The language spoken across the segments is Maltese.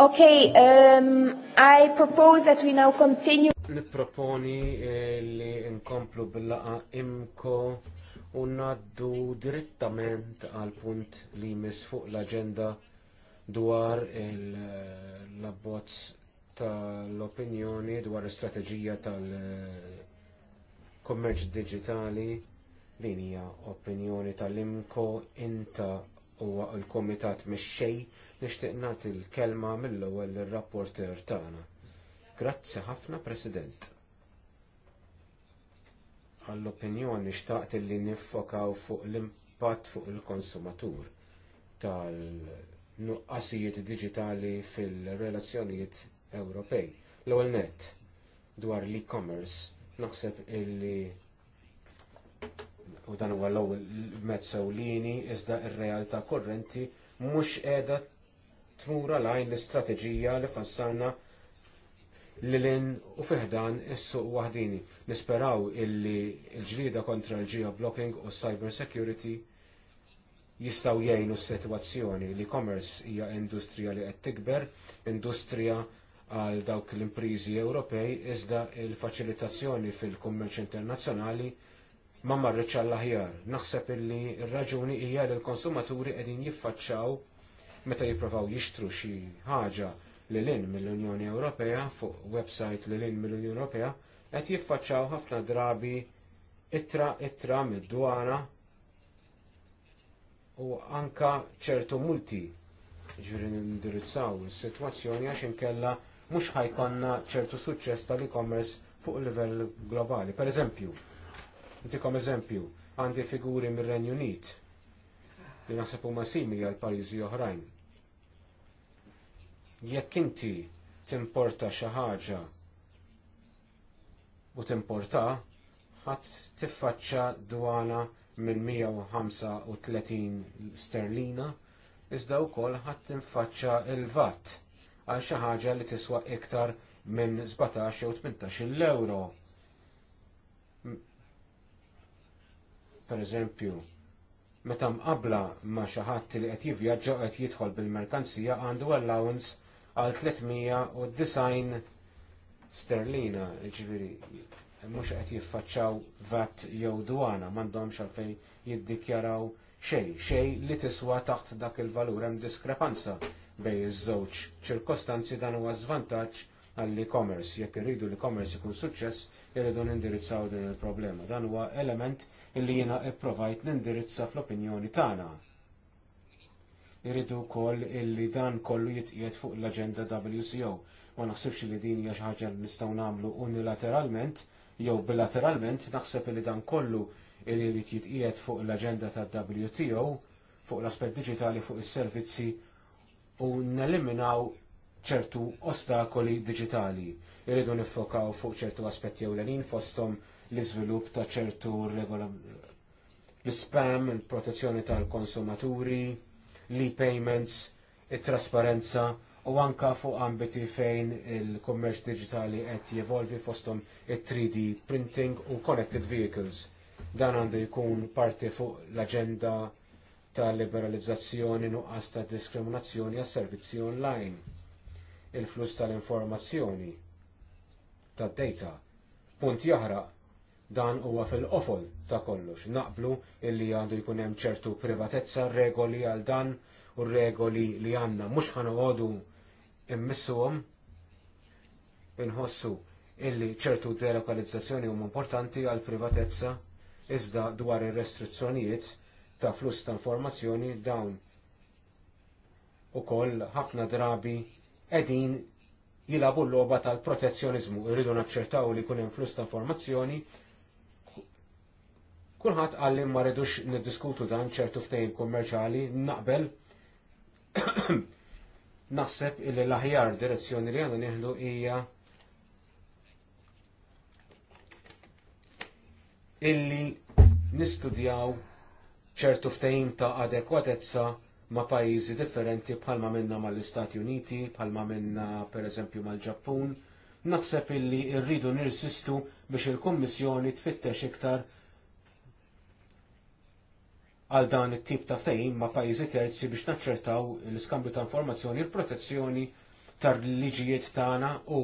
Okay, um, I propose that we now continue. Nipproponi eh, li nkomplu bil-laqa imko u naddu direttament għal punt li mis fuq l-agenda dwar l-abbozz tal-opinjoni dwar l-strategija tal-kommerċ digitali din hija opinjoni tal-imko inta huwa l-Komitat mix-xej nixtieq nagħti l-kelma mill-ewwel ir-rapporter tagħna. Grazzi ħafna President. Għall-opinjoni xtaqt li niffokaw fuq l-impatt fuq il-konsumatur tal-nuqqasijiet diġitali fil-relazzjonijiet Ewropej. L-ewwel nett dwar l-e-commerce naħseb illi u dan huwa l-ewwel mezz ewlieni iżda r-realtà korrenti mhux qiegħda tmura lajn l-istrateġija li fassalna lilin u fiħdan is-suq waħdini. Nisperaw illi l ġlieda kontra l-ġija blocking u cyber security jistgħu jgħinu s-sitwazzjoni li commerce hija industrija li qed tikber, industrija għal dawk l impriżi Ewropej iżda l faċilitazzjoni fil-kummerċ internazzjonali ma marriċ għall-aħjar. Naħseb illi r-raġuni hija li l-konsumaturi qegħdin jiffaċċaw meta jippruvaw jixtru xi ħaġa li lin mill-Unjoni Ewropea fuq website li lin mill-Unjoni Ewropea qed jiffaċċaw ħafna drabi ittra ittra mid-dwana u anka ċertu multi ġiri nindirizzaw is-sitwazzjoni għax inkella mhux ħajkonna ċertu suċċess tal-e-commerce fuq il livell globali. Per eżempju, Nitikom eżempju, għandi figuri mir-Renju Unit li naħseb huma simili għal pajjiżi oħrajn. Jekk inti timporta xi ħaġa u timporta, ħadd tiffaċċa dwana minn 135 sterlina, iżda wkoll ħadd tinfaċċa il-vatt għal xi ħaġa li tiswa iktar minn 17 jew 18 l-euro. Pereżempju, meta mqabbla ma' xi ħadd li qed jivvjaġġa qed jidħol bil-merkanzija għandu allowance għal 390 sterlina, ġifieri mhux qed jiffaċċaw vat jew dwana, m'għandhomx għalfejn jiddikjaraw xejn, xejn li tiswa taħt dak il-valur hemm diskrepanza bejn iż-żewġ ċirkostanzi dan huwa żvantaġġ għall-e-commerce. Jekk irridu l-e-commerce ikun suċċess, irridu nindirizzaw din il-problema. Dan huwa element illi jiena ipprovajt nindirizza fl-opinjoni tagħna. Irridu wkoll illi dan kollu jitqiet fuq l-aġenda WCO. Ma naħsibx li din hija xi ħaġa li nistgħu nagħmlu unilateralment jew bilateralment, naħseb li dan kollu illi jrid jitqiet fuq l-aġenda tal wto fuq l-aspett diġitali fuq is-servizzi u neliminaw ċertu ostakoli digitali. Irridu nifokaw fuq ċertu aspetti ewlenin fosthom l-iżvilupp ta' ċertu l-spam, il-protezzjoni tal-konsumaturi, l-payments, it-trasparenza u anka fuq ambiti fejn il-kommerċ digitali qed jevolvi fosthom it-3D printing u connected vehicles. Dan għandu jkun parti fuq l-agenda ta' liberalizzazzjoni nuqqas ta' diskriminazzjoni għas servizzi online il-flus tal-informazzjoni tad-data. Punt jaħraq dan huwa fil-qofol ta' kollox. Naqblu illi għandu jkun hemm ċertu privatezza regoli għal dan u regoli li għandna mhux ħanoqogħdu immissuhom inħossu illi ċertu delokalizzazzjoni huma importanti għal privatezza iżda dwar ir-restrizzjonijiet ta' fluss ta' informazzjoni dawn ukoll ħafna drabi edin jilabu l-loba tal-protezzjonizmu. Irridu naċċertaw li kun flus ta' formazzjoni. Kulħadd għallim ma rridux niddiskutu dan ċertu ftejn kummerċali naqbel naħseb illi l-aħjar direzzjoni li għandna nieħdu hija illi nistudjaw ċertu ftehim ta' adekwatezza ma' pajjiżi differenti bħalma minna mal-Istati Uniti, bħalma minna pereżempju mal-Ġappun. Naħseb illi rridu nirsistu biex il-Kummissjoni tfittex iktar għal dan it-tip ta' fejn ma' pajjiżi terzi biex naċċertaw l-iskambju ta' informazzjoni, il-protezzjoni tar-liġijiet tagħna u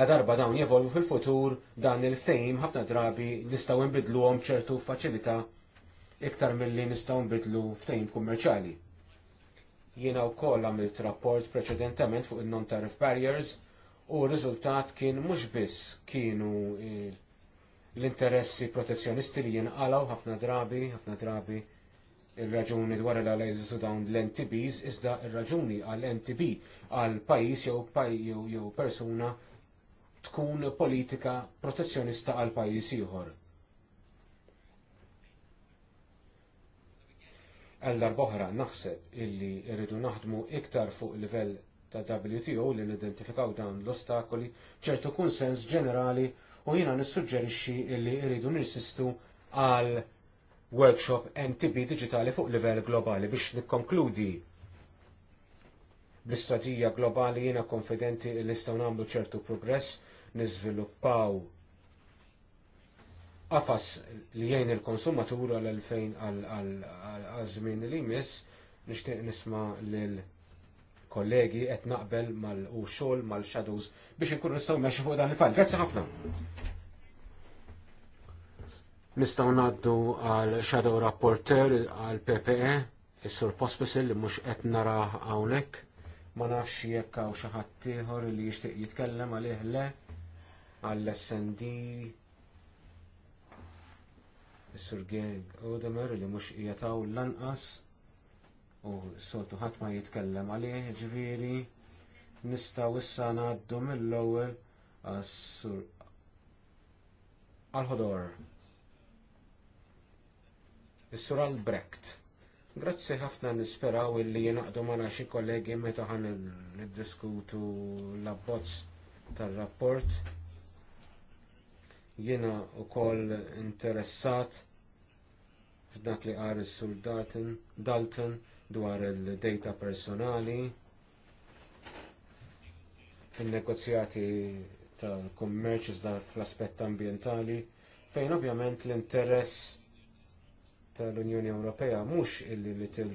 la darba dawn jevolvu fil-futur dan il fejm ħafna drabi nistgħu nbidluhom ċertu faċilità iktar milli nistgħu nbidlu ftejm kummerċali. Jiena wkoll għamilt rapport preċedentement fuq il non tariff barriers u r-riżultat kien mhux biss kienu eh, l-interessi protezzjonisti li jinqalaw ħafna drabi, ħafna drabi il-raġuni dwar l-għalajżu dawn l-NTBs, iżda il-raġuni għal-NTB għal-pajis jew jew persuna tkun politika protezzjonista għal pajis ieħor. għal darboħra naħseb illi rridu naħdmu iktar fuq livell ta' WTO li nidentifikaw dawn l-ostakoli ċertu kunsens ġenerali u jiena nissuġġerixxi illi rridu nirsistu għal workshop NTB digitali fuq livell globali biex nikkonkludi bl-istratija globali jiena konfidenti li nistgħu nagħmlu ċertu progress niżviluppaw qafas li jgħin il-konsumatur għal-2000 għal-żmien li jmiss, nixtieq nisma' l kollegi qed naqbel mal u mal-shadows biex inkunu nistgħu meċi fuq dan il fajl Grazzi ħafna. Nistgħu ngħaddu għal shadow rapporter għal PPE, is-sur Pospisil li mhux qed nara hawnhekk. Ma nafx jekk hawn xi ħadd ieħor li jixtieq jitkellem għal eħle għall-SND Is-Sur Gerg Odomer li mhux jataw lanqas u soltu ħadd ma jitkellem għalih ġifieri nistgħu issa ngħaddu mill-ewwel għas-Sur Al-Ħodor. Is-Sur Albrecht. Grazzi ħafna nisperaw illi jenaqdu mara xi kollegi meta ħan niddiskutu l-abbozz tar-rapport Jiena wkoll interessat f'dak li għar sur Dalton dwar il-data personali fin negozjati tal-kummerċ iżda fl-aspett ambjentali, fejn ovvjament l-interess tal-Unjoni Ewropea mhux illi li l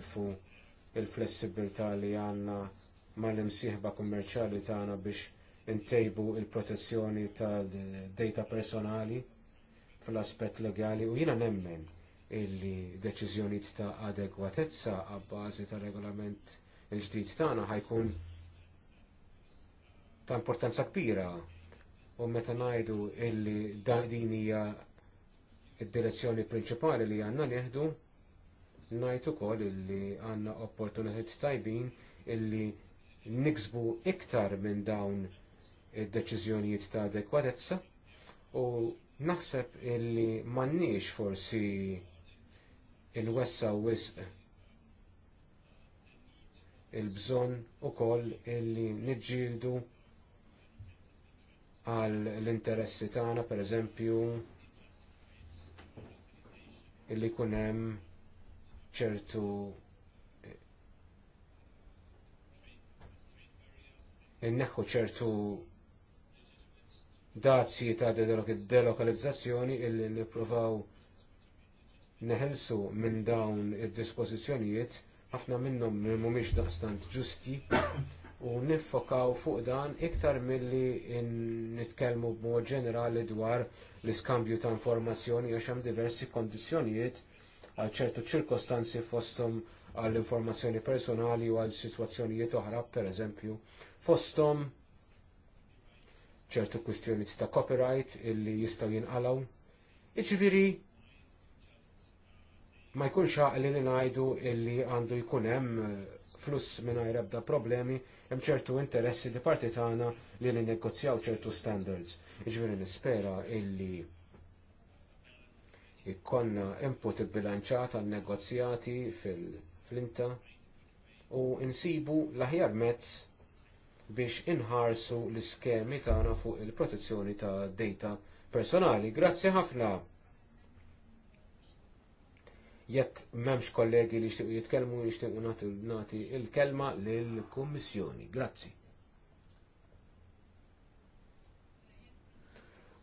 il flessibilità li għandna mal-imsieħba kummerċjali tagħna biex ntejbu l protezzjoni tal-data personali fl-aspett legali u jiena nemmen illi deċiżjonijiet ta' adegwatezza għabbażi tar regolament il-ġdid tagħna ħajkun ta' importanza kbira u meta ngħidu illi din hija id-direzzjoni prinċipali li għandna nieħdu ngħid ukoll illi għandna opportunitajiet tajbin illi niksbu iktar minn dawn id-deċiżjonijiet ta' adekwatezza u naħseb illi m'għandniex forsi il-wessa wisq il-bżonn ukoll illi niġġieldu għal l-interessi tagħna pereżempju illi jkun hemm ċertu inneħħu ċertu dazji ta' delokalizzazzjoni illi nippruvaw neħelsu minn dawn id-dispożizzjonijiet ħafna minnhom mhumiex daqstant ġusti u niffokaw fuq dan iktar milli nitkellmu b'mod ġenerali dwar l-iskambju ta' informazzjoni għax hemm diversi kondizzjonijiet għal ċertu ċirkostanzi fosthom għall informazzjoni personali u għal sitwazzjonijiet oħra, pereżempju fosthom ċertu kwistjoni ta' copyright illi jistgħu jinqalgħu. Iġifieri ma jkunx xaq li ngħidu illi għandu jkun hemm eh, fluss mingħajr ebda problemi, hemm ċertu interessi di parti tagħna li ninnegozjaw ċertu standards. Iġifieri nispera illi ikkonna input bilanċat għal negozjati fil-flinta u insibu l-aħjar mezz biex inħarsu l-iskemi tagħna fuq il-protezzjoni ta' data personali. Grazzi ħafna. Jekk m'hemmx kollegi li jixtiequ jitkellmu jixtiequ nagħti il-kelma lill-Kummissjoni. Grazzi.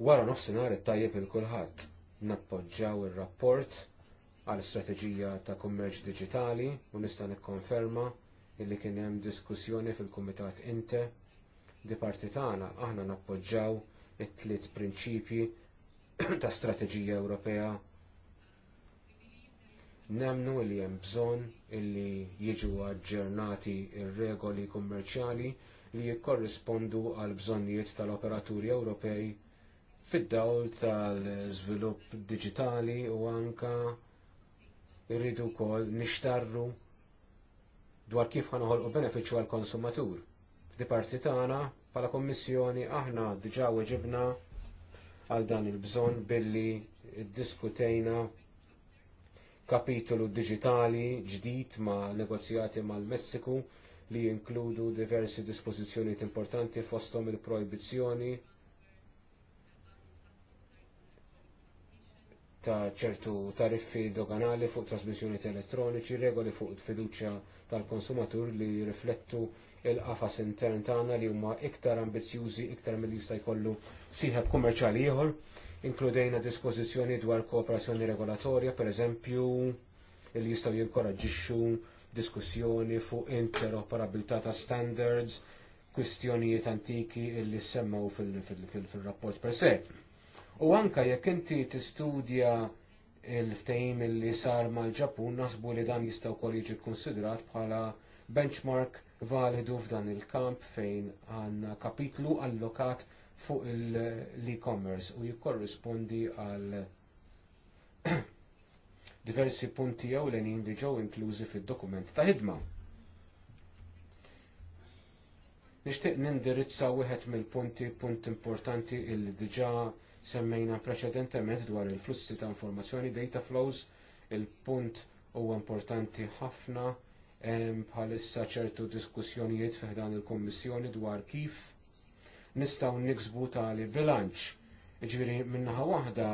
Wara nofsinhar it-tajjeb il kulħadd nappoġġjaw ir-rapport għall strateġija ta' kummerċ diġitali u nista' nikkonferma illi kien hemm diskussjoni fil-Kumitat Inte di parti tagħna aħna nappoġġaw it-tliet prinċipji ta' strateġija Ewropea. Nemnu li hemm bżonn illi jiġu aġġernati r regoli kummerċjali li jikkorrispondu għal bżonnijiet tal-operaturi Ewropej fid-dawl tal-żvilupp diġitali u anke rridu wkoll nixtarru dwar kif ħanħolqu benefiċċju għall konsumatur. F'diparti tagħna bħala Kommissjoni aħna diġà weġibna għal dan il-bżonn billi diskutejna kapitolu diġitali ġdid ma' negozjati mal-Messiku li jinkludu diversi dispożizzjonijiet importanti fosthom il-projbizzjoni ta' ċertu tariffi doganali fuq trasmissjoniet elettroniċi, regoli fuq fiduċja tal-konsumatur li jirriflettu il-qafas intern tagħna li huma iktar ambizjużi iktar mill jista' jkollu sieħeb kummerċjali ieħor, inkludejna dispożizzjoni dwar kooperazzjoni regolatorja, pereżempju li jistgħu jinkoraġġixxu diskussjoni fuq interoperabilità ta' standards, kwistjonijiet antiki li semmew fil-rapport per se U anke jekk inti tistudja il-ftehim li sar mal-Ġapun naħsbu li dan jista' wkoll jiġi kkunsidrat bħala benchmark validu f'dan il-kamp fejn għandna kapitlu allokat fuq l-e-commerce u jikkorrispondi għal diversi punti jew l li ġew inklużi fid-dokument ta' ħidma. Nixtieq nindirizza wieħed mill-punti punt importanti il diġa' semmejna preċedentement dwar il-flussi ta' informazzjoni data flows, il-punt huwa importanti ħafna bħalissa ċertu diskussjonijiet fiħdan il kummissjoni dwar kif nistgħu niksbu tali bilanċ. Ġviri minnaħa waħda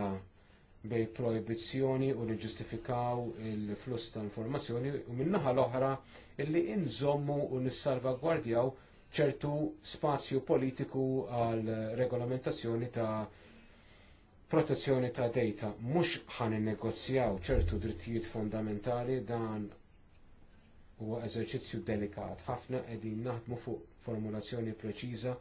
bej proibizzjoni u niġġustifikaw il-fluss ta' informazzjoni u min-naħa l-oħra illi inżommu u nissalvagwardjaw ċertu spazju politiku għal regolamentazzjoni ta' protezzjoni ta' data mhux ħan innegozjaw ċertu drittijiet fondamentali dan huwa eżerċizzju delikat ħafna qegħdin naħdmu fuq formulazzjoni preċiża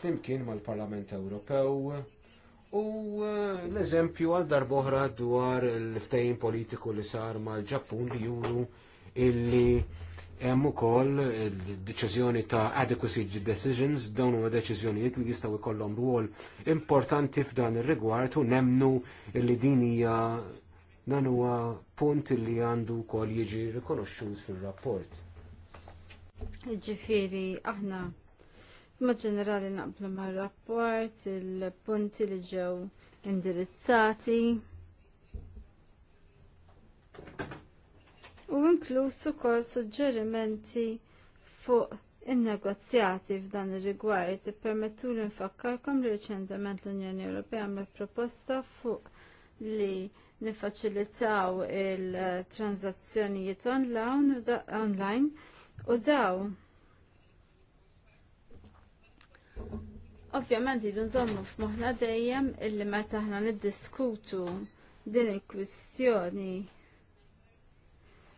flimkien mal-Parlament Ewropew u eh, l-eżempju għal darboħra dwar il-ftehim politiku li sar mal-Ġappun li juru illi Hemm ukoll il-deċiżjoni ta' adequacy decisions dawn huma deċiżjonijiet li jistgħu jkollhom rwol importanti f'dan ir-rigward u nemnu li din hija dan huwa punt li għandu wkoll jiġi rikonoxxut fir-rapport. Ġifieri aħna ma' ġenerali naqblu mar-rapport il-punti li ġew indirizzati. u inkluż ukoll suġġerimenti fuq in-negozjati f'dan ir-rigward ippermettu li nfakkarkom li riċentement l-Unjoni Ewropea għamlet proposta fuq li nifaċilitaw il-transazzjonijiet online u daw Ovvjament jidu nżommu f'moħħna dejjem illi meta aħna niddiskutu din il-kwistjoni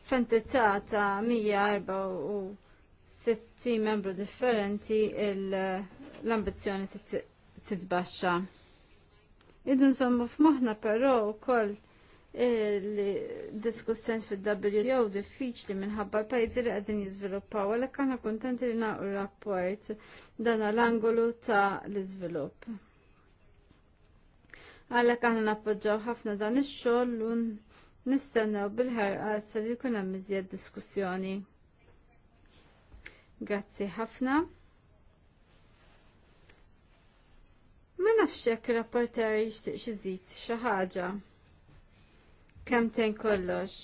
f'entità ta' 164 membru differenti l-ambizzjoni titbaxxa. Idu nsommu f'moħħna però wkoll il-diskussjoni fil-WTO diffiċli minħabba l-pajzi li għedin jizviluppaw, għalek għana kontenti li naqru rapport dan l-angolu ta' l-izvilupp. Għalek għana nappoġġaw ħafna dan ix-xogħol nistennew bil ħarqa ser jkun hemm iżjed diskussjoni. Grazzi ħafna. Ma nafx jekk rapporter jixtieq xi żid xi ħaġa. Kemm tejn kollox.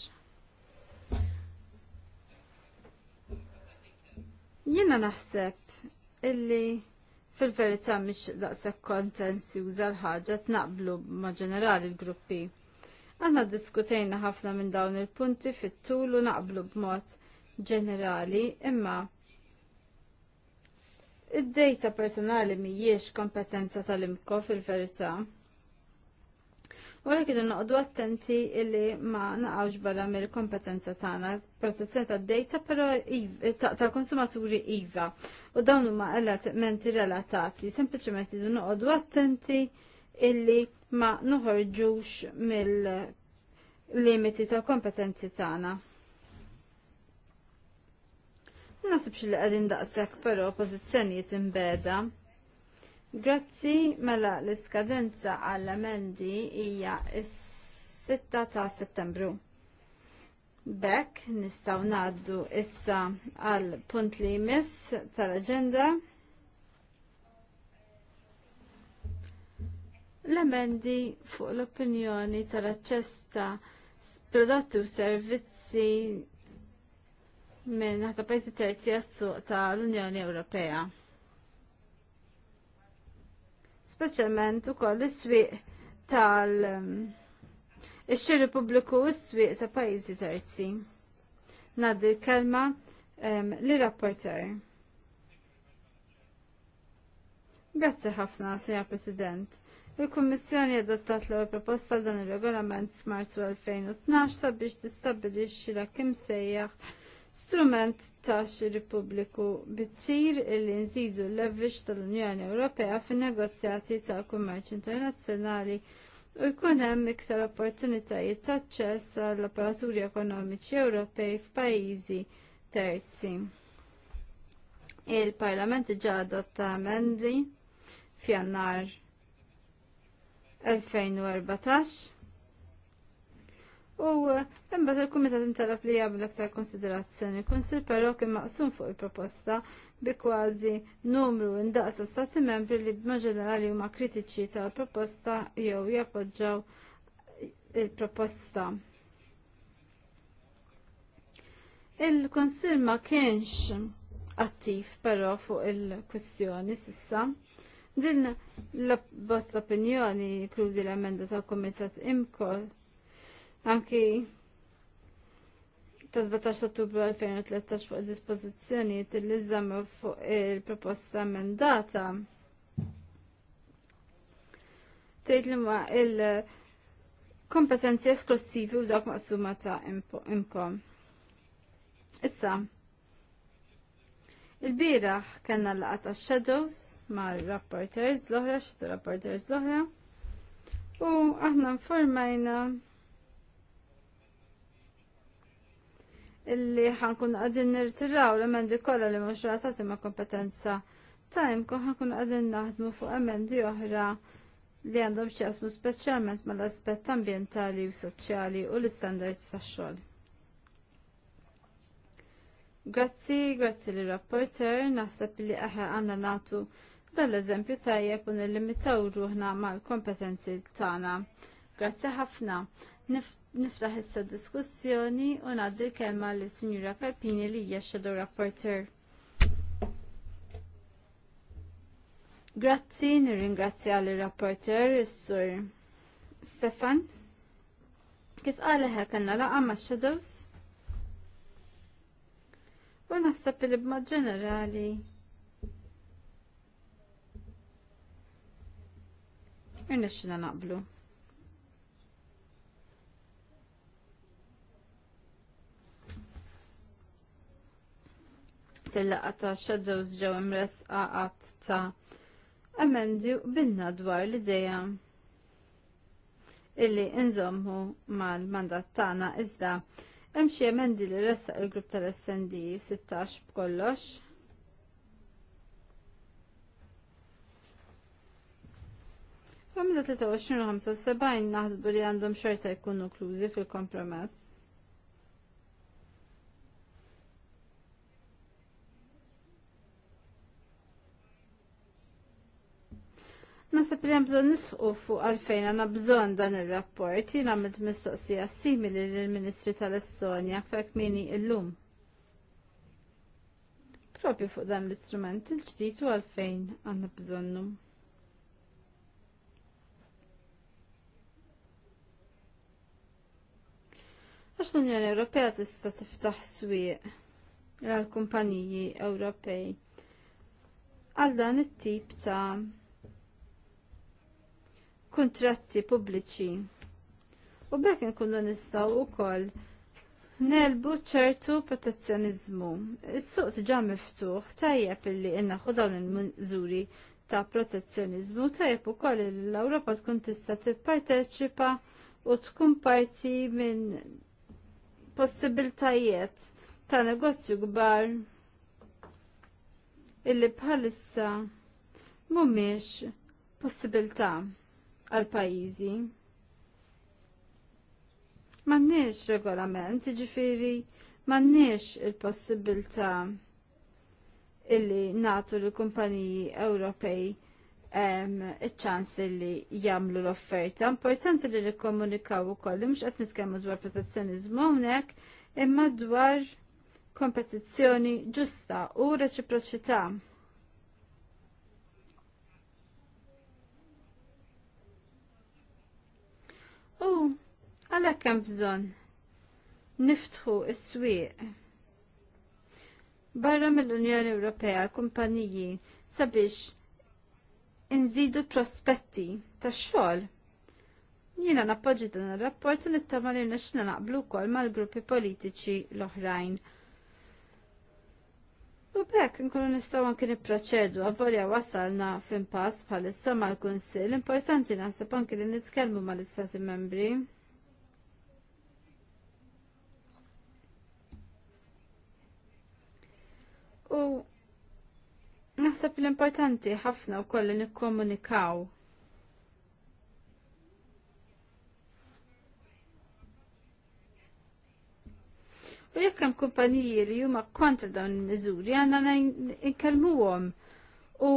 Jiena naħseb illi fil-verità mhix daqshekk konsensi l-ħaġa tnaqblu ma' ġenerali l-gruppi. Għanna diskutejna ħafna minn dawn il-punti fit-tul u naqblu b'mod ġenerali imma id-dejta personali mhijiex kompetenza tal-imko fil-verità. U għalek noqdu attenti illi ma naqawx barra mill kompetenza tagħna protezzjoni tad data però ta' konsumaturi iva u dawn huma elementi relatati, sempliċement idu noqogħdu attenti illi ma nuħorġux mill-limiti tal-kompetenzi tagħna. Nasibx li għadin daqsek, pero pozizjoniet imbeda. Grazzi mela l-iskadenza għall-emendi hija is 6 ta' settembru. Bekk nistaw naddu issa għal punt li jmiss tal-agenda l-emendi fuq l-opinjoni tal-aċċess ta' prodotti u servizzi minn ħata pajzi terzi għas-suq tal-Unjoni Ewropea. Speċjalment ukoll is-swieq tal- ehm, ix-xiri pubbliku u s-swieq ta' pajjiżi terzi. Ngħaddi l-kelma ehm, li rapporter. Grazzi ħafna, Sr. President. Il-Kummissjoni adottat l proposta dan ir-regolament f'Marzu 2012 sabiex tistabilixxi la kim sejjaħ strument tax Repubbliku bittir illi nżidu l-levix tal-Unjoni Ewropea fin-negozjati tal kummerċ internazzjonali u jkun hemm iktar opportunitajiet ta' aċċess għall operaturi ekonomiċi Ewropej f'pajjiżi terzi. Il-Parlament ġa adotta amendi f'jannar 2014 u imbagħad il-kumitat intalab li jagħmel aktar konsiderazzjoni Il-Konsil però kien maqsum fuq il-proposta bi kważi numru indaqsa stati membri li b'ma ġenerali huma kritiċi tal-proposta jew jappoġġaw il-proposta. Il-Konsil ma kienx attiv però fuq il-kwistjoni sissa. Din l-bost opinjoni, inklużi l-emenda tal-Komitat Imkol, anki ta' 17 ottubru 2013 fuq dispożizzjonijiet li izzamu fuq il-proposta emendata. Tejt li ma il-kompetenzi esklusivi u dak maqsuma ta' imkom. Issa, Il-biraħ kena l ta' shadows ma' rapporters l-oħra, xitu rapporters l-oħra. U aħna informajna illi ħankun għadin nirtiraw l-emendi kolla li mux ratati ma' kompetenza ta' imkun ħankun għadin naħdmu fuq emendi oħra li għandhom ċasmu speċjalment mal-aspett ambientali u soċjali u l-standards tax-xogħol. Grazzi, grazzi li rapporter, naħseb li aħna għanna natu dal-eżempju tajjeb u limitaw ruħna mal-kompetenzi tagħna. Grazzi ħafna. Niftaħ issa diskussjoni u ngħaddi l-kelma li sinjura Pepini li hija shadow rapporter. Grazzi, nirringrazzja li rapporter is-sur Stefan. Kif qal ħekanna laqa ma' shadows? u naħseb li b'mod ġenerali Irnexxina naqblu. Tillaqa ta' Shadows ġew imres għat ta' emendi binna dwar l-ideja illi inżommu mal-mandat tagħna iżda Hemm xi emendi li ressaq il-grupp tal-SND 16 b'kollox. Għamda 23 u naħsbu li għandhom xorta jkunu klużi fil-kompromess. Nasab li bżon nisqu fuq għalfejn għanna bżon dan il-rapport jina għamilt mistoqsija simili l-Ministri tal-Estonja aktar kmini illum. Propju fuq dan l-istrument il-ġdid u għalfejn għanna bżonnum. Għax l-Unjoni Ewropea tista' tiftaħ swieq għal kumpaniji Ewropej għal dan it-tip ta' kontratti pubbliċi. U bekk nkunu nistgħu wkoll nelbu ċertu protezzjonizmu. Is-suq diġà miftuħ tajjeb illi innaħu dawn il-miżuri ta' protezzjonizmu tajjeb ukoll li l-Ewropa tkun tista' tipparteċipa u tkun parti minn possibiltajiet ta' negozju kbar illi bħalissa mhumiex possibilità għal pajjiżi. M'għandniex regolament, jiġifieri m'għandniex il-possibilità illi nagħtu li kumpaniji Ewropej iċ-ċans li jagħmlu l-offerta. Importanti li nikkomunikaw ukoll mhux qed niskemmu dwar protezzjoniżmu hawnhekk imma dwar kompetizzjoni ġusta u reċiproċità. U għalhekk hemm bżonn niftħu s-swieq barra mill-Unjoni Ewropea kumpaniji sabiex inżidu prospetti tax-xogħol. Jiena nappoġġi dan ir-rapport u nittama li naqblu wkoll mal-gruppi politiċi l-oħrajn U bekk nkunu nistgħu anki nipproċedu għavolja wasalna f'impass bħalissa mal-Kunsill, importanti naħseb anki li nitkellmu mal-Istati Membri. U naħseb l-importanti ħafna koll li nikkomunikaw u jekk hemm kumpaniji li huma kontra dawn il-miżuri għandna nkellmuhom u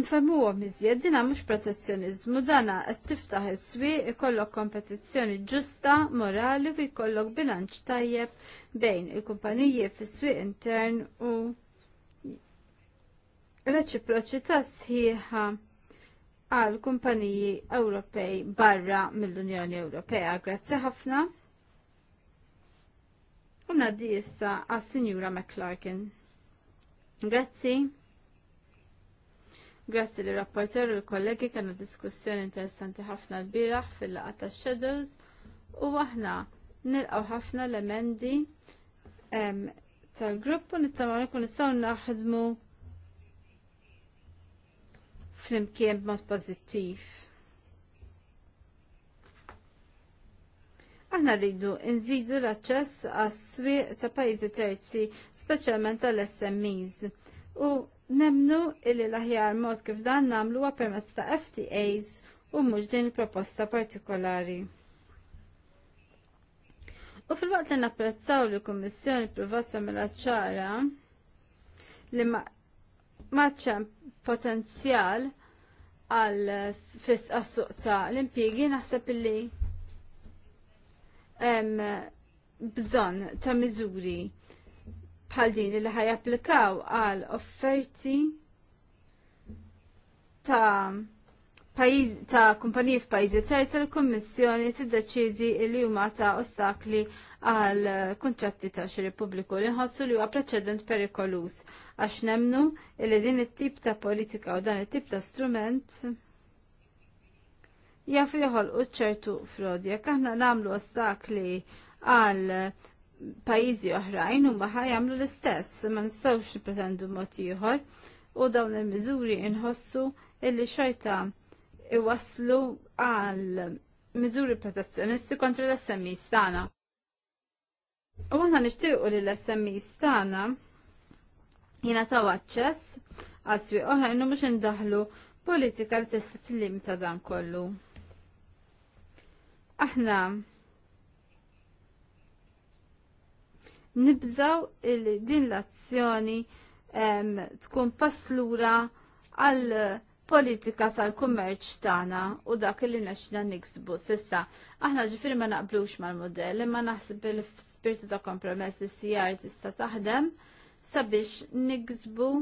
nfemmuhom iżjed dinha mhux protezzjoniżmu dana qed tiftaħ is-swieq ikollok kompetizzjoni ġusta, morali u jkollok bilanċ tajjeb bejn il-kumpaniji fis-swieq intern u reċiproċità sħiħa għal kumpaniji Ewropej barra mill-Unjoni Ewropea. Grazzi ħafna. U naddi issa għas-Sinjura McClarkin. Grazzi. Grazzi li rapporteru u l-kollegi kena diskussjoni interessanti ħafna l-biraħ fil-laqa ta' Shadows u aħna nilqaw ħafna l-emendi tal-grupp u nittamaw nikun nistgħu naħdmu fl-imkien b'mod pożittiv. Aħna rridu nżidu l-aċċess għas-swieq ta' pajjiżi terzi, speċjalment tal-SMEs. U nemnu illi l-aħjar mod kif dan nagħmluha permezz ta' FTAs u mhux din il-proposta partikolari. U fil-waqt li napprezzaw li kummissjoni privat mill ċara li maċċa potenzjal għal fis suq ta' l-impjiegi naħseb illi bżon ta' miżuri bħal din li ħaj applikaw għal offerti ta' pajiz, ta' kumpaniji f'pajjiżi terza l-Kummissjoni tiddeċidi li huma ta' ostakli għal kontratti ta' xiri pubbliku li nħossu li huwa preċedent perikolus għax nemnu li din it-tip ta' politika u dan it-tip ta' strument jaf u ċertu frodi. Jekk aħna nagħmlu ostakli għal pajjiżi oħrajn huma ħajamlu l-istess, ma nistgħux nippretendu mod ieħor u dawn il-miżuri inħossu illi xorta iwaslu għal miżuri protezzjonisti kontra l-SMI stana. U għanna nishtiqu li l-SMI stana jina ta' għacċess għaswi oħra innu mux indaħlu politika li tista' tillim ta' dan kollu. Aħna nibżaw il din l-azzjoni tkun paslura għal politika tal-kummerċ tagħna u dak li nexna niksbu sissa. Aħna ġifieri ma naqblux mal-modell, imma naħseb il-spirtu ta' kompromess li sijar tista' taħdem sabiex niksbu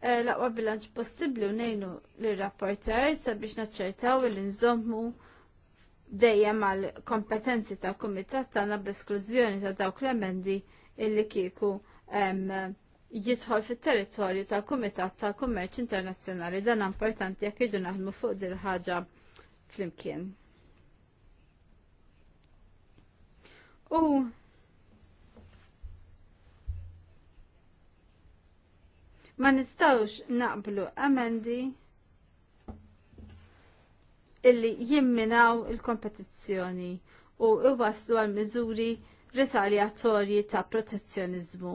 eh, l-aqwa bilanċ possibbli u nejnu l rapporter sabiex naċċertaw li nżommu dejjem għal kompetenzi ta' kumitat tagħna bl-esklużjoni ta' dawk l-emendi illi kieku jidħol fit-territorju tal kumitat tal kummerċ Internazzjonali dan importanti jekk jiġu naħdmu fuq dil ħaġa flimkien. U ma nistawx naqblu emendi illi jimminaw il-kompetizzjoni u iwaslu għal miżuri retaljatorji ta' protezzjonizmu.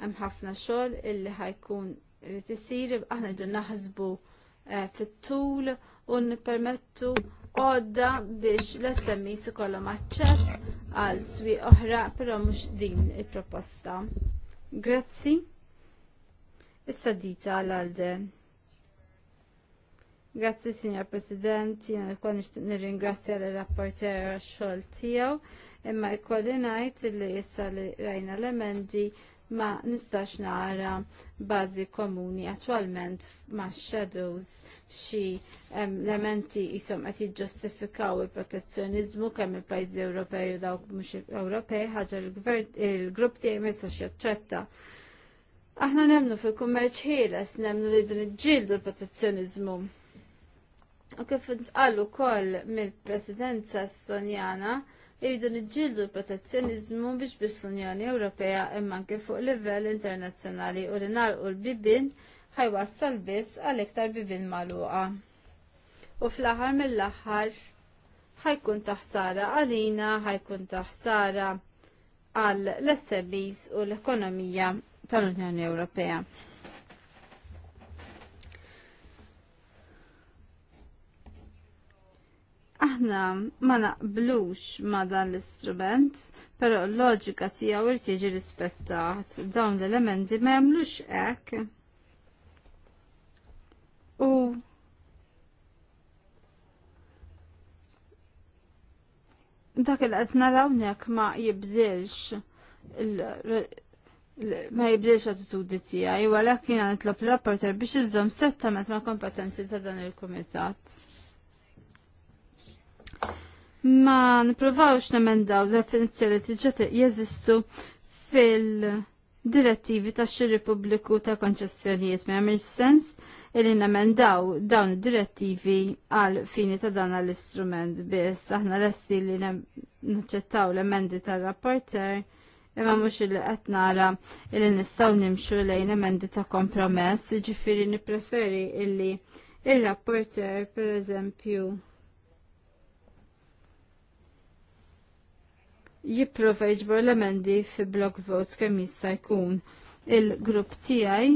Hemm ħafna xogħol illi ħajkun irid isir aħna ġu naħsbu eh, fit-tul u nippermettu għodda biex l-SMIs ikollhom aċċess għal swieq oħra però mhux din il-proposta. Grazzi. Issa dita għal-għalden. Grazzi, Signor President, jena kon nirringrazzja l rapporter għax-xogħol tiegħu, imma jkolli ngħid li issa li rajna l-emendi ma nistax nara bażi komuni attwalment ma' shadows xi elementi jisom qed jiġġustifikaw il-protezzjonizmu kemm il-pajjiżi Ewropej u dawk mhux Ewropej ħaġa il-grupp tiegħi ma jistax jaċċetta. Aħna nemnu fil-kummerċ ħieles, nemnu li dun ġildu l-protezzjonizmu U kif tqallu koll mill-presidenza estonjana, jridu nġildu l-protezzjonizmu biex biss l-Unjoni Ewropea imma anke fuq livell internazzjonali u li nagħlqu l-bibin ħajwassal biss għal iktar bibin magħluqa. U fl-aħħar mill-aħħar ħajkun taħsara għalina, ħajkun taħsara għal l-SMEs u l-ekonomija tal-Unjoni Ewropea. Aħna ma naqblux ma dan l-istrument, però l-loġika tiegħu irid jiġi rispettat dawn l-elementi ma jagħmlux hekk. U dak il qed narawnek ma jibżilx ma jibdilx attitudi tiegħi, jew għalhekk jiena nitlob l-rapporter biex iżżomm strettament ma' kompetenzi ta' dan il-kumitat ma niprovawx nemendaw definizzjoni li tiġa jeżistu fil-direttivi ta' xiri pubbliku ta' konċessjonijiet ma jagħmilx sens illi nemendaw dawn id-direttivi għal fini ta' dan l-istrument biss aħna lesti li naċċettaw l-emendi tal-rapporter imma mhux illi qed nara illi nistgħu nimxu lejn emendi ta' kompromess, jiġifieri nippreferi illi ir-rapporter pereżempju jipprova jġbor l-emendi fi blok votes kemm jista' jkun. Il-grupp tiegħi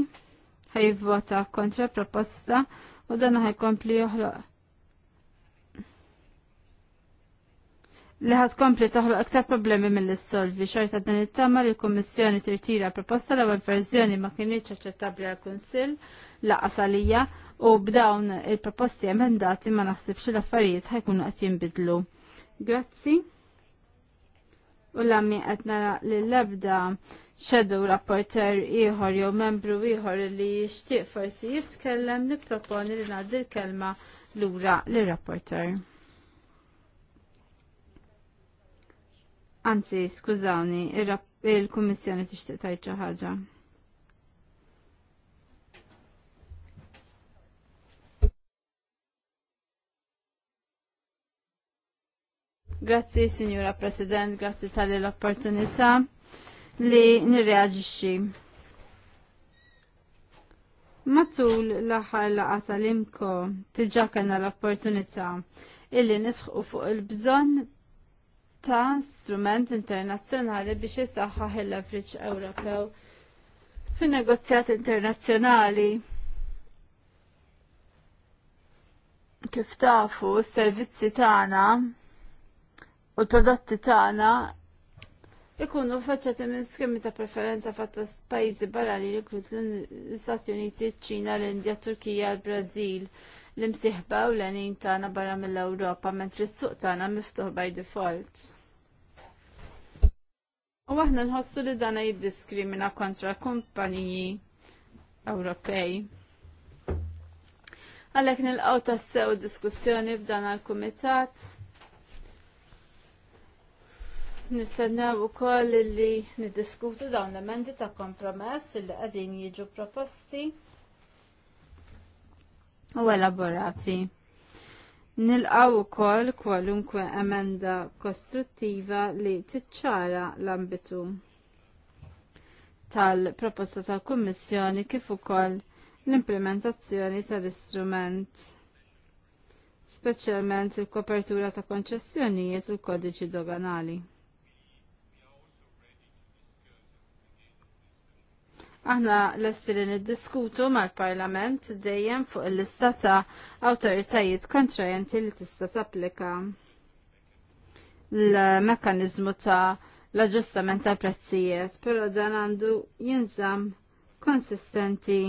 ħajvota kontra proposta u dan ħajkompli joħloq. Li ħad kompli toħloq aktar problemi mill-issolvi xorta dan it-tama li l-Kummissjoni tirtira proposta l ewwel verżjoni ma kienieċ aċċettabbli għal-Kunsill laqas għalija u b'dawn il-proposti emendati ma naħsibx l-affarijiet ħajkunu qed jinbidlu. Grazzi u l ammi qed li l-ebda shadow rapporter ieħor jew membru ieħor li jixtieq forsi jitkellem nipproponi li ngħaddi l-kelma lura lir-rapporter. Anzi, skużawni, il-Kummissjoni tixtieq ixtiq xi ħaġa. Grazzi, Signora President, grazzi tali l-opportunità li nirreagġixxi. Matul l-aħħar laqa tal-imko kellna l-opportunità illi nisħu fuq il-bżonn ta' strument internazzjonali biex jisaħħaħ il-leverage Ewropew fin-negozjat internazzjonali. Kif tafu, s-servizzi tagħna u l-prodotti tagħna ikunu faċċati minn skemi ta' preferenza fatta pajjiżi barra li jinkludu l-Istati Uniti, ċ-Ċina, l-Indja, Turkija, l-Brażil, l-imsieħba u l-għanin tagħna barra mill-Ewropa, mentri s-suq tagħna miftuħ by default. U aħna nħossu li dana jiddiskrimina kontra kumpaniji Ewropej. Għalhekk nilqgħu tassew diskussjoni f'dan il kumitat nistennew ukoll li niddiskutu dawn l-emendi ta' kompromess li qegħdin jiġu proposti u elaborati. Nilqaw ukoll kwalunkwe emenda kostruttiva li tiċċara l-ambitu tal-proposta tal-Kummissjoni kif ukoll l-implementazzjoni tal-istrument, speċjalment il-kopertura ta' konċessjonijiet u l-kodiċi doganali. Aħna l-estili niddiskutu mal-Parlament dejjem fuq il-lista ta' awtoritajiet kontrajenti li tista' tapplika l-mekkanizmu ta' l-aġġustament ta' prezzijiet, però dan għandu jinżam konsistenti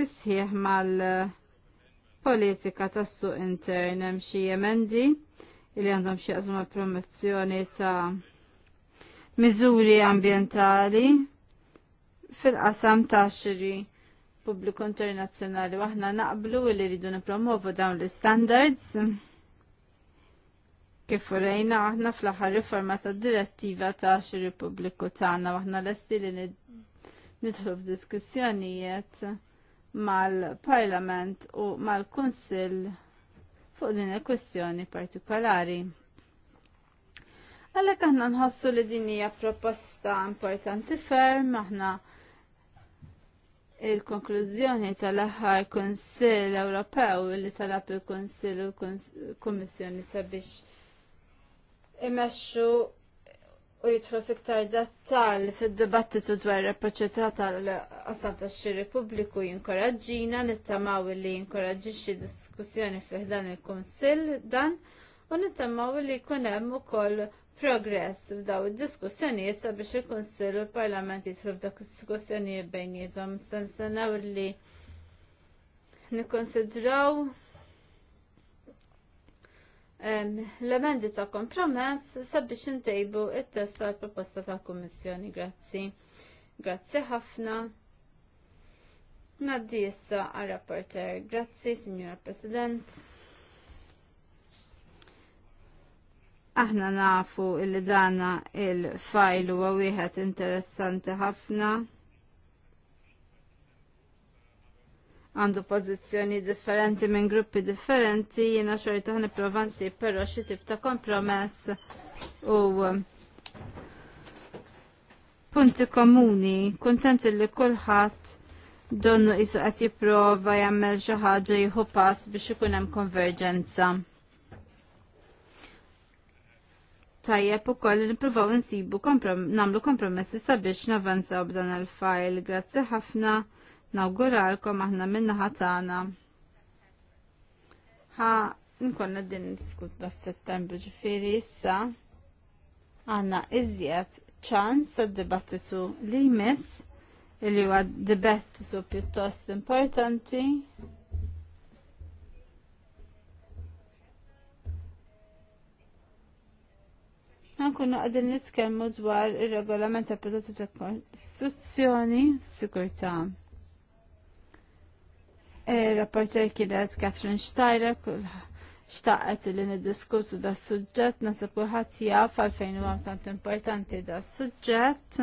bisħieħ mal-politika tas suq intern hemm xi emendi li għandhom xi promozzjoni ta' miżuri ambientali fil-qasam ta' xiri pubbliku internazzjonali waħna naqblu li rridu nipromovu dawn l-standards kif rejna aħna fl-aħħar riforma tad direttiva ta' xiri pubbliku tagħna waħna lesti li nidħlu f'diskussjonijiet mal-Parlament u mal-Kunsill fuq din il-kwestjoni partikolari. Għalhekk aħna nħossu li din hija proposta importanti ferm aħna il-konklużjoni tal-aħħar Kunsill Ewropew li talab il-Kunsill u l-Kummissjoni sabiex imexxu u jidħlu fiktar dettall fid-dibattitu dwar ir reproċità tal-qasam tax-xiri pubbliku jinkoraġġina nittamaw li jinkoraġġixxi diskussjoni fih dan il-Kunsill dan u nittamaw li jkun hemm ukoll progress f'daw id-diskussjonijiet sabiex il-Kunsill u l-Parlament jidħlu f'dak id-diskussjonijiet bejniethom sensenaw li nikkonsidraw l-emendi ta' kompromess sabiex intejbu il test tal-proposta tal-Kummissjoni. Grazzi. Grazzi ħafna. Naddi issa għal rapporter. Grazzi, Signora President. Aħna nafu li dana il-fajl huwa wieħed interessanti ħafna. Għandu pożizzjoni differenti minn gruppi differenti, jiena xorta ħni provanzi, però xi tip ta' kompromess u punti komuni, kuntent li kulħadd donnu isu qed jipprova jagħmel xi ħaġa jieħu pass biex ikun hemm konverġenza. tajjeb u koll niprofaw nsibu komprom namlu kompromessi sabiex navanzaw b'dan il-fajl. Grazzi ħafna nawguralkom aħna minna ħatana. Ha, nkonna din diskutna f'Settembru ġifiri issa għanna iżjed ċans għad-dibattitu li jmiss il-li huwa dibattitu pjuttost importanti. Għankunu għadin nitkelmu dwar il-regolament ta' prodotti ta' konstruzzjoni, sikurta. Rapporter kienet Katrin Steiner, xtaqet li niddiskutu da' suġġett, nasib kulħadd jaf għalfejn huwa tant importanti da' suġġett.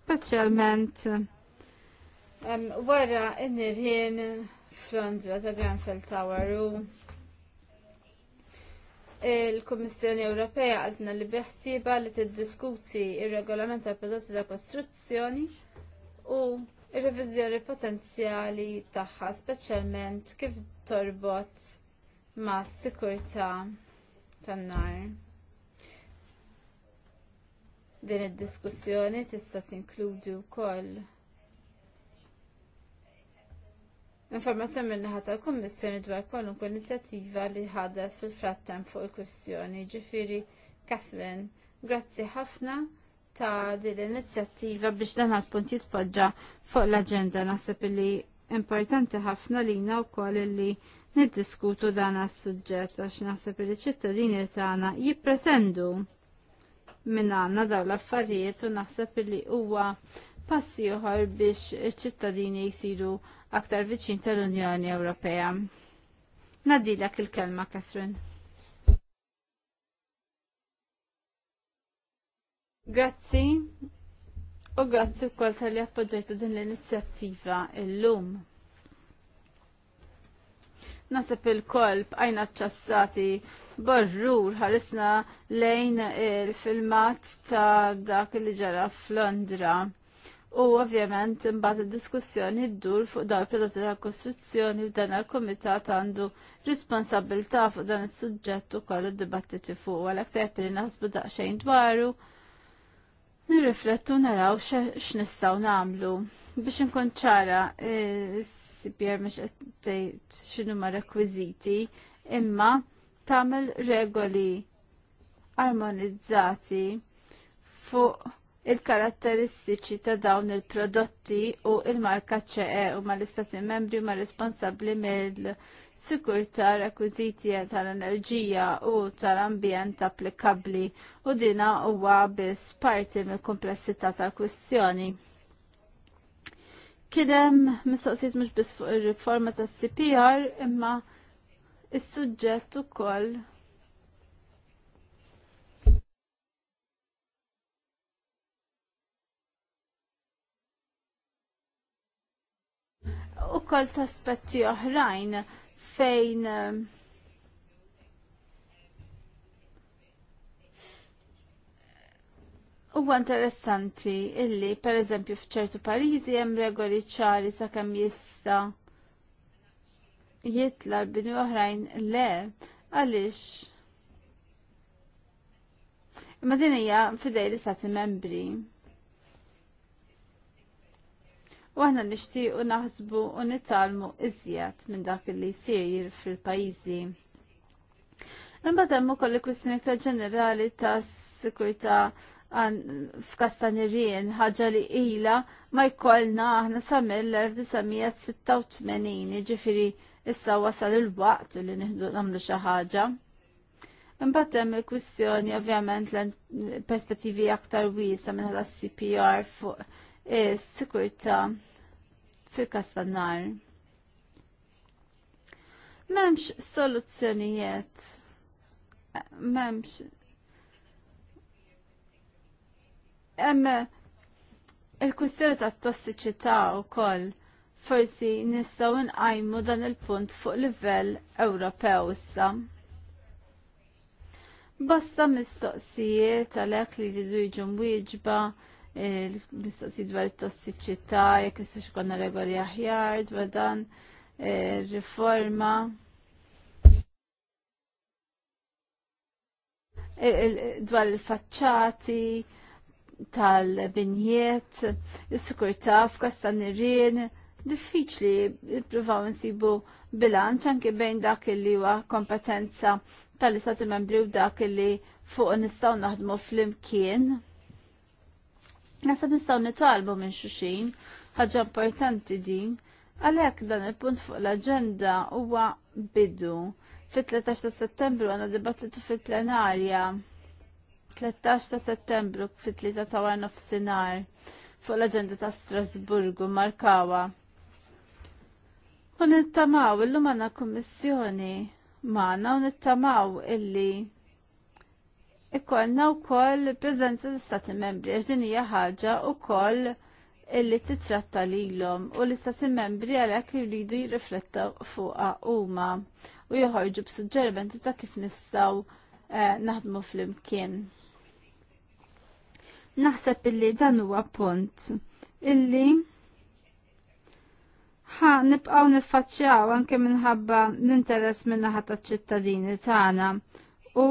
Speċjalment wara n-nirien Flondra ta' Grenfell Tower u il-Kommissjoni Ewropea għadna li biħsiba li tiddiskuti ir-regolament tal prodotti ta' kostruzzjoni u il reviżjoni potenzjali tagħha speċjalment kif torbot ma' sikurtà tan-nar. Din id-diskussjoni tista' tinkludi wkoll Informazzjoni minn ħata tal kommissjoni dwar kwalunkwe inizjattiva li ħadet fil-frattemp fuq il-kwistjoni. Ġifiri, Catherine, grazzi ħafna ta' din l-inizjattiva biex dan għal-punt jitpoġġa fuq l-agenda. Nasib li importanti ħafna li na wkoll li niddiskutu dan għas-suġġett għax naħseb li ċittadini tagħna jippretendu minn għandna dawn l-affarijiet u naħseb li huwa passi oħor biex iċ-ċittadini jsiru aktar viċin tal-Unjoni Ewropea. Nadilak il-kelma, Catherine. Grazzi u grazzi u kol tal-li appoġġajtu din l-inizjattiva il-lum. Nasab il-kolb għajna ċassati barrur ħarisna lejn il-filmat ta' dak li ġara f'Londra. U ovvjament imbagħad id-diskussjoni ddur fuq dawn il-prodotti tal-kostruzzjoni f'dan il-kumitat għandu responsabilità fuq dan is-suġġett ukoll id-dibattiti fuq għalhekk tajjeb li naħsbu daqsxejn dwaru. Nirriflettu naraw x'nistgħu nagħmlu. Biex inkun ċara, eh, sipjer mhux qed tgħid x'inhuma rekwiżiti, imma tagħmel regoli armonizzati fuq il-karatteristiċi ta' dawn il-prodotti u il-marka ċeqe u ma l-istati membri ma responsabli mill-sikurta rekwiziti tal-enerġija u tal-ambjent applikabli u dina huwa biss parti mill-komplessità tal-kwistjoni. Kidem mistoqsijiet mhux biss fuq ir-riforma tas-CPR imma is-suġġett ukoll u kol ta' oħrajn fejn ehm, Huwa interessanti illi per eżempju f'ċertu Parizi hemm regoli ċari sakemm jista jitla l-bini oħrajn le għaliex. Imma din hija fidej li stati membri u aħna nixtiequ naħsbu u nitalmu iżjed minn dak li jsir fil-pajjiżi. Imbagħad hemm ukoll il-kwistjoni ta' ġenerali ta' sikurità f'Kastanirien ħaġa li ila ma jkollna aħna sa mill-1986 ġifiri issa wasal il-waqt li nieħdu nagħmlu xi ħaġa. Imbagħad hemm il-kwistjoni ovvjament l perspettivi aktar wiesa minn ħala CPR fuq is-sikurtà fil-kas tan-nar. M'hemmx soluzzjonijiet. M'hemmx hemm il-kwistjoni tat-tossiċità wkoll forsi nistgħu nqajmu dan il-punt fuq livell Ewropew issa. Basta mistoqsijiet għalhekk li jridu jiġu mwieġba il mistoqsi dwar it-tossiċità, jekk jistax konna regoli aħjar dwar dan ir-riforma. Eh, eh, eh, dwar il-faċċati tal-binjiet, is-sikurtà f'kas ta' nirien diffiċli provaw nsibu bilanċ anke bejn dak li huwa kompetenza tal-istati membri u dak li fuq nistgħu naħdmu fl-imkien. Nasab nistaw nitalbu minn xuxin, ħaġa importanti din, għalhekk dan il-punt fuq l-aġenda huwa bidu. Fit-13 ta' settembru għandna dibattitu fil-plenarja. 13 ta' settembru fit-3 ta' f-sinar fuq l-aġenda ta' Strasburgu markawa. U nittamaw illum għandna kummissjoni magħna u nittamaw illi ikollna wkoll preżenza l-Istati Membri għax din hija ħaġa wkoll illi titratta lilhom u l-Istati Membri għalhekk jridu jirrifletta fuqha huma u joħorġu b'suġġerimenti ta' kif nistgħu eh, naħdmu flimkien. Naħseb illi dan huwa punt illi ħa nibqaw niffaċċjaw anke minħabba l-interess minnaħa taċ-ċittadini tagħna u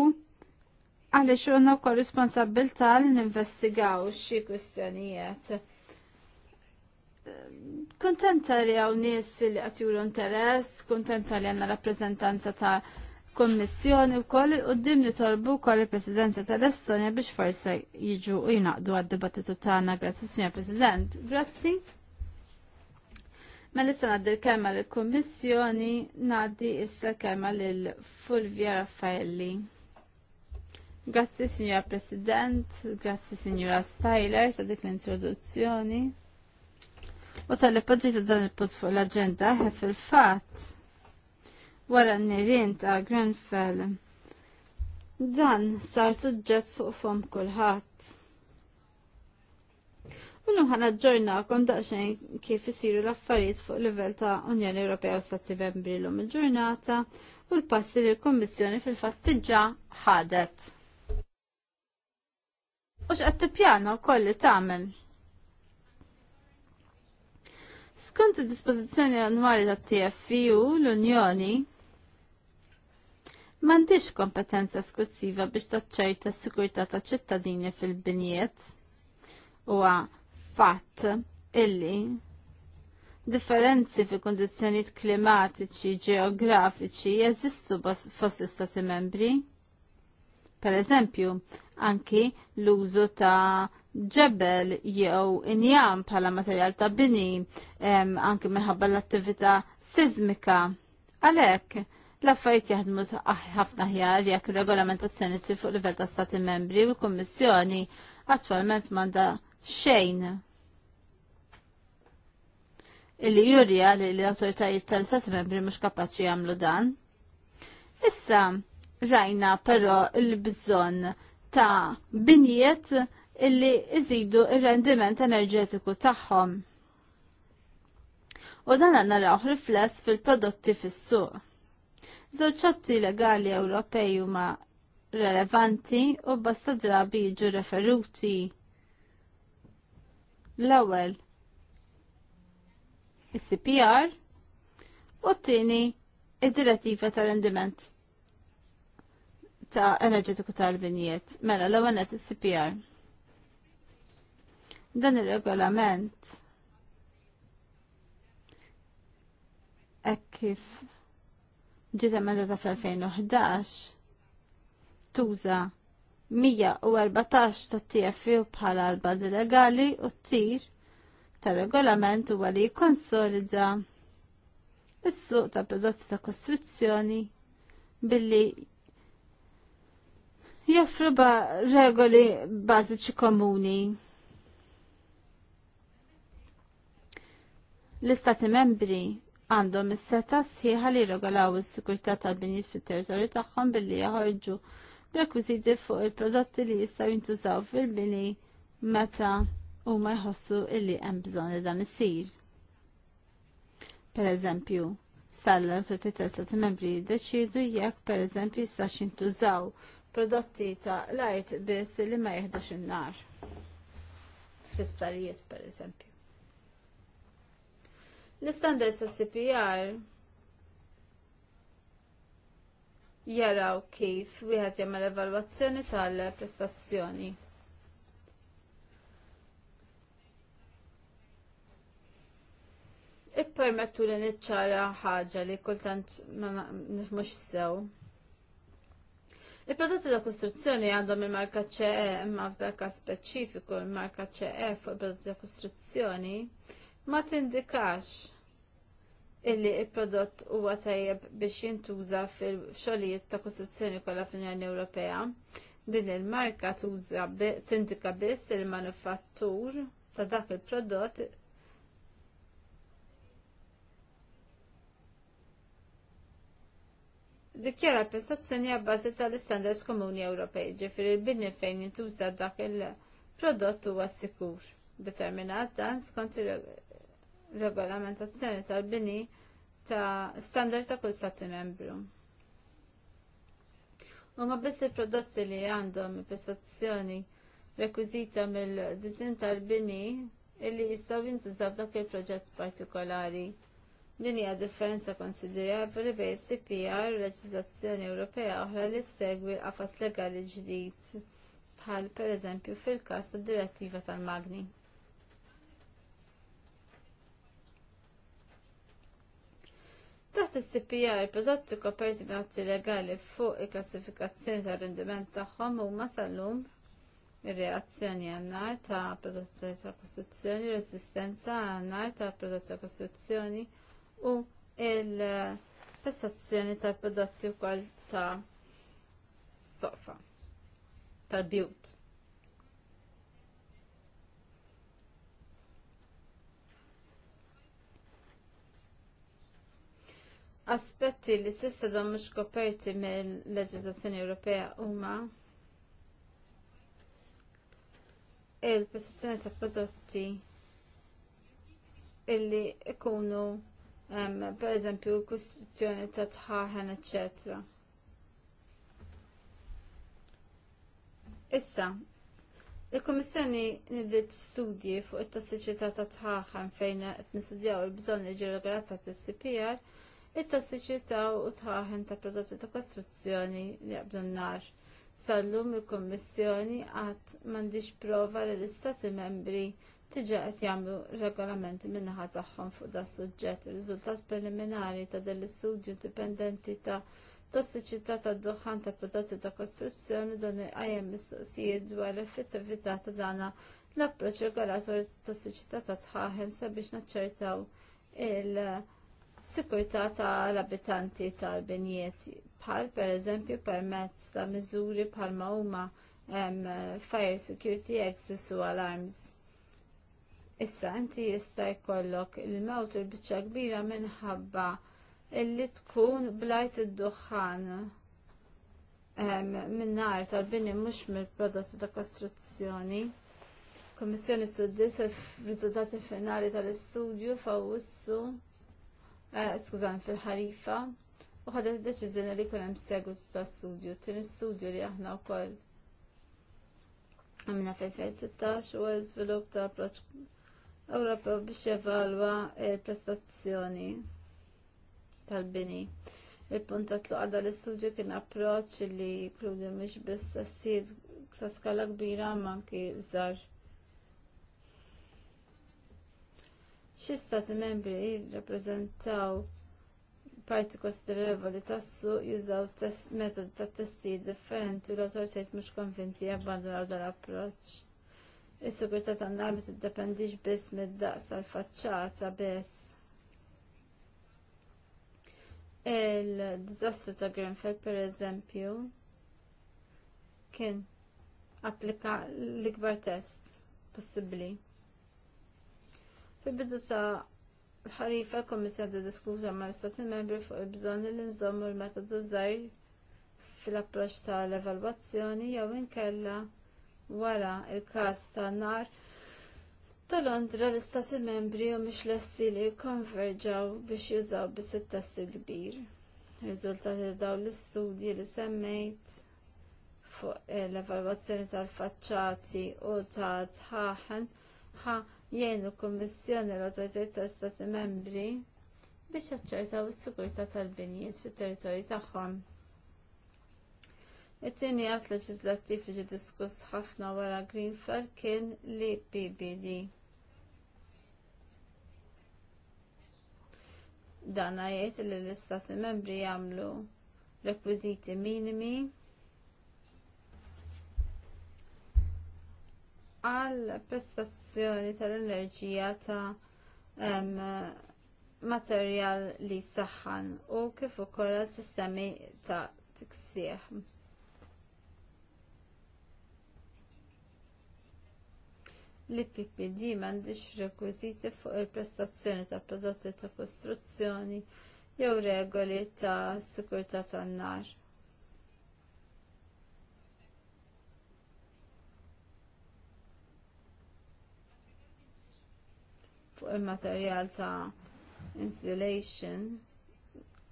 għaliex għandna wkoll responsabilità li ninvestigaw xi kwistjonijiet. Kuntenta li hawn nis li qed juru interess, kuntenta li għandna rappresentanza ta' kommissjoni u koll il dim li torbu koll il-presidenza tal-Estonja biex forse jiġu u jinaqdu għad-dibattitu tagħna grazzi s-sunja President. Grazzi. Ma mela nista ngħaddi l-kelma lill-Kummissjoni, ngħaddi issa kelma lil Fulvia Raffaelli. Grazzi Signora President, grazie Signora Styler ta' dik l-introduzzjoni. U tal poġġitu dan il-punt fuq l-agenda ħef il-fatt wara n-nirien ta' Grenfell. Dan sar suġġett fuq fom kulħadd. Unnu ħana ġornakom daqxen kif isiru l-affarijiet fuq livell ta' Unjoni Ewropea u Stati Membri l il-ġurnata u l-passi li l-Kommissjoni fil-fatt diġà ħadet. Ux x'qed tippjana wkoll li tagħmel. Skont id-dispożizzjoni annwali tat-TFU l-Unjoni m'għandix kompetenza esklusiva biex taċċajta s-sigurtà taċ-ċittadini fil-binjiet huwa fatt illi differenzi fi kondizjoni klimatiċi, ġeografiċi jeżistu fost istati membri. Per eżempju, anki l-użu ta' ġebel jew injam bħala materjal ta' bini anki minħabba l-attività sizmika. Għalhekk, l-affarijiet jaħdmu ah, ħafna ħjar jekk regolamentazzjoni sir fuq livell ta' stati membri u l-Kummissjoni attwalment m'għandha xejn illi jurja li l-autoritajiet tal-Stati membri mhux kapaċi jagħmlu dan. Issa, rajna però l bżonn ta' binjiet illi iżidu ir-rendiment enerġetiku tagħhom. U dan għanna rawħ rifless fil-prodotti fis-suq. Żewġ legali Ewropej huma relevanti u basta drabi jiġu referuti. L-ewwel is-CPR u t-tieni id-direttiva tar rendiment ta' enerġetiku tal-binijiet. Mela, l ewwel il-CPR. Dan il-regolament hekk kif ġiet ta' fl-2011 tuża 114 ta' TFU bħala l-bazi legali u t-tir ta' regolament huwa li jikkonsolida is-suq ta' prodotti ta' kostruzzjoni billi joffru regoli bażiċi komuni. L-istati membri għandhom is-seta sħiħa li regolaw is sigurtà tal-binjiet fit-territorju tagħhom billi jaħorġu rekwiżiti fuq il-prodotti li jistgħu jintużaw fil-bini meta huma jħossu illi hemm bżonn li dan isir. Pereżempju, sal-sorti tal stati membri jiddeċidu jekk pereżempju jistax jintużaw prodotti ta' lajt biss li ma jihdux in-nar fl-isptarijiet per eżempju. L-standards ta' CPR jaraw kif wieħed jagħmel evalwazzjoni tal-prestazzjoni. Ippermettu li niċċara ħaġa li kultant ma nifmux sew. Il-prodotti ta' kostruzzjoni għandhom il-marka CE imma f'dak speċifiku il-marka CE fuq il-prodotti ta' kostruzzjoni ma tindikax illi il-prodott huwa tajjeb biex jintuża fil-xogħlijiet ta' kostruzzjoni kollha fl-Unjoni Ewropea. Din il-marka tuża tindika biss il-manufattur ta' dak il-prodott dikjara prestazzjoni għabbażi tal-istandards komuni Ewropej, ġifir il-bini fejn jintuża dak il-prodott huwa sikur. Determinat dan skont regolamentazzjoni tal-bini ta' standard ta' kull stati membru. U ma biss il-prodotti li għandhom prestazzjoni rekwizita mill-dizin tal-bini illi jistaw jintużaw dak il-proġett partikolari. Din hija differenza konsiderevoli bejn CPR u leġiżlazzjoni Ewropea oħra li segwi l-qafas legali ġdid bħal pereżempju fil-każ tad-direttiva tal-magni. Taħt il-CPR, peżat koperti b'nazzi legali fuq il-klassifikazzjoni tar rendiment tagħhom huma sal-lum ir-reazzjoni għan-nar ta' prodotti ta' kostruzzjoni, resistenza għan-nar ta' prodotti ta' kostruzzjoni, u il-prestazzjoni tal-prodotti wkoll ta' sofa tal-bjut. aspetti li s'ista dom mhux koperti mill leġizazzjoni Ewropea huma il-prestazzjoni ta' prodotti illi ikunu per eżempju kustjoni ta' tħaħen, etc. Issa, il-Komissjoni nidiet studji fuq it-tossiċità ta' tħaħen fejn qed nistudjaw il-bżonn li regolata tas-CPR, it-tossiċità u tħaħen ta' prodotti ta' kostruzzjoni li qabdu n-nar. Sallum il-Kommissjoni għad m'għandix prova li l-Istati membri Tiġa qed jagħmlu regolamenti min-naħa tagħhom fuq da suġġett. Ir-riżultat preliminari ta' dan l-istudju dipendenti ta' tossiċità tad duħan ta' prodotti ta' kostruzzjoni dan iqajjem mistoqsijiet dwar l-effettività ta' dana l-approċċ regolatorju ta' tossiċità ta' tħaħen sabiex naċċertaw il- sikurtà tal-abitanti tal-binjiet bħal pereżempju permezz ta' miżuri bħalma huma fire security access u alarms. Issa inti jista' jkollok il-mewt il-biċċa kbira minħabba illi tkun blajt id-duħħan minnar tal-bini mhux mill-prodotti ta' kostruzzjoni. Kommissjoni studis il-riżultati finali tal-istudju f'Awwissu eh, skużan fil-ħarifa u ħadet id-deċiżjoni li jkun hemm segwitu ta' studju. Tin studju li aħna wkoll għamilna fejn 2016 u l iżvilupp ta' approċċ Ewropew biex jevalwa il-prestazzjoni tal-bini. Il-punt tluqa dal-istudju kien approċċ li kludi mhix biss tastijiet ta' skala kbira ma anki żgħar. Xi stati membri jirrappreżentaw parti konsiderevoli tas jużaw metodi ta' testijiet differenti u l autorċajt mhux konvinti jabbandunaw dan l-approċċ Is-sigurtà tan-nar ma tiddependix biss mid-daqs tal-faċċata biss. Il-diżastru ta' Grenfell pereżempju kien applika l-ikbar test possibbli. Fil-bidu ta' ħarifa l ta' diskuta ma' l-Stati membri fuq il-bżonn li nżommu l-metodu żgħir fil-approċċ tal-evalwazzjoni jew inkella wara il-każ tan-nar ta' Londra l-istati membri u mhux lesti li jikkonverġaw biex jużaw biss it-test il-kbir. Riżultati dawn l-istudji li semmejt fuq l-evalwazzjoni tal-faċċati u ta' tħaħen ħa jgħinu kummissjoni l-autoritajt tal-Istati membri biex jaċċertaw is-sigurtà tal-binjiet fit territorji tagħhom. It-tieni għat leġislattiv li diskuss ħafna wara Greenfell kien li PBD. Dan jgħid li l-istati membri jagħmlu rekwiżiti minimi għal prestazzjoni tal-enerġija ta' um, materjal li saħħan u kif ukoll sistemi ta' tiksieħ. l PPD m'għandix rekwiżiti fuq il-prestazzjoni ta' prodotti ta' kostruzzjoni jew regoli ta' sikurtà tan-nar. fuq il-materjal ta' insulation,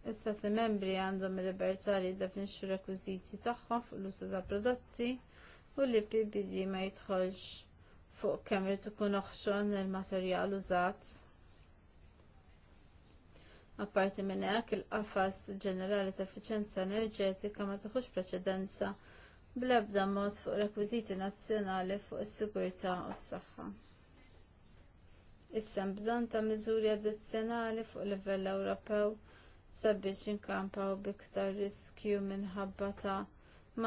Is-Sati membri għandhom il-libertà li jiddefinixxu rekwiżiti tagħhom fuq l-użu ta' prodotti u li PBD ma jidħolx fuq kemm irid ikun oħxon il-materjal użat. Apparti minn hekk il-qafas ġenerali ta' effiċenza enerġetika ma tieħux preċedenza bl-ebda mod fuq rekwiżiti nazzjonali fuq is-sigurtà u s-saħħa. Issa bżonn ta' miżuri addizzjonali fuq livell Ewropew sabiex inkampaw biktar riskju minħabba ta'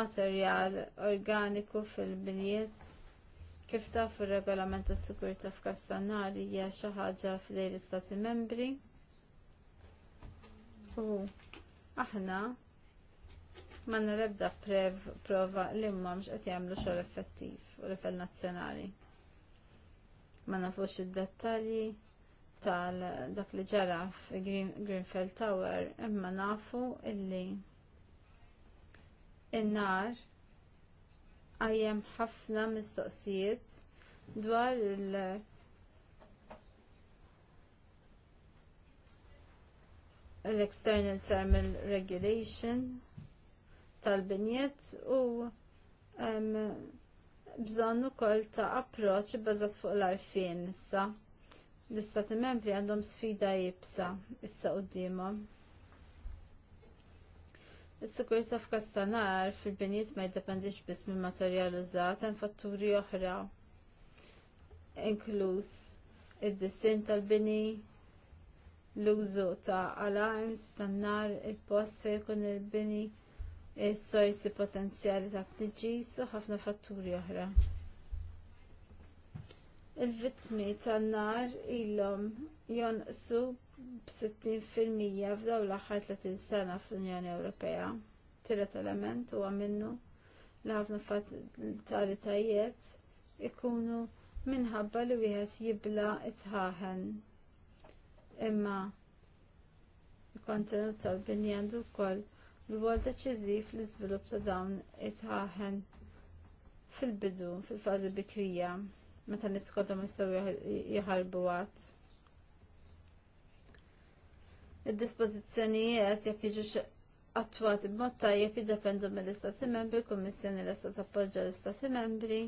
materjal organiku fil-binjiet Kif taf ir-regolament tas-sigurtà f'każ hija xi ħaġa f'idejn l-Istati Membri. U aħna ma nrebda prev prova li mhux qed jagħmlu xogħol effettiv u livell nazzjonali. Ma nafux id-dettalji tal dak li ġara f'Greenfell Tower imma nafu illi in-nar għajem ħafna mistoqsijiet dwar il- l-External Thermal Regulation tal-binjet u um, bżonnu kol ta' approċ bazzat fuq l-arfin issa. L-istati membri għandhom sfida jibsa issa quddiemhom. Is-sigurtà f'kastanar fil-binijiet ma jiddependix biss minn materjal użat hemm fatturi oħra inkluż id-disin tal-bini, l-użu ta' alarms tan-nar il-post fejn ikun il-bini, is-sorsi potenzjali ta' tiġis u ħafna fatturi oħra. Il-vittmi tan-nar ilhom jonqsu b-60% f'daw l-aħħar 30 sena fl-Unjoni Ewropea. Tiret element huwa minnu li ħafna fatalitajiet ikunu minħabba li wieħed jibla itħaħen. Imma il-kontenut tal-bini għandu wkoll l-għol deċiżiv l iżvilupp ta' dawn itħaħen fil-bidu, fil-fazi bikrija, meta niskodhom jistgħu jħarbu għadd il dispożizzjonijiet jekk jiġu attwati b'mod tajjeb jiddependu mill-Istati Membri, Kummissjoni lesta tappoġġa l-Istati Membri.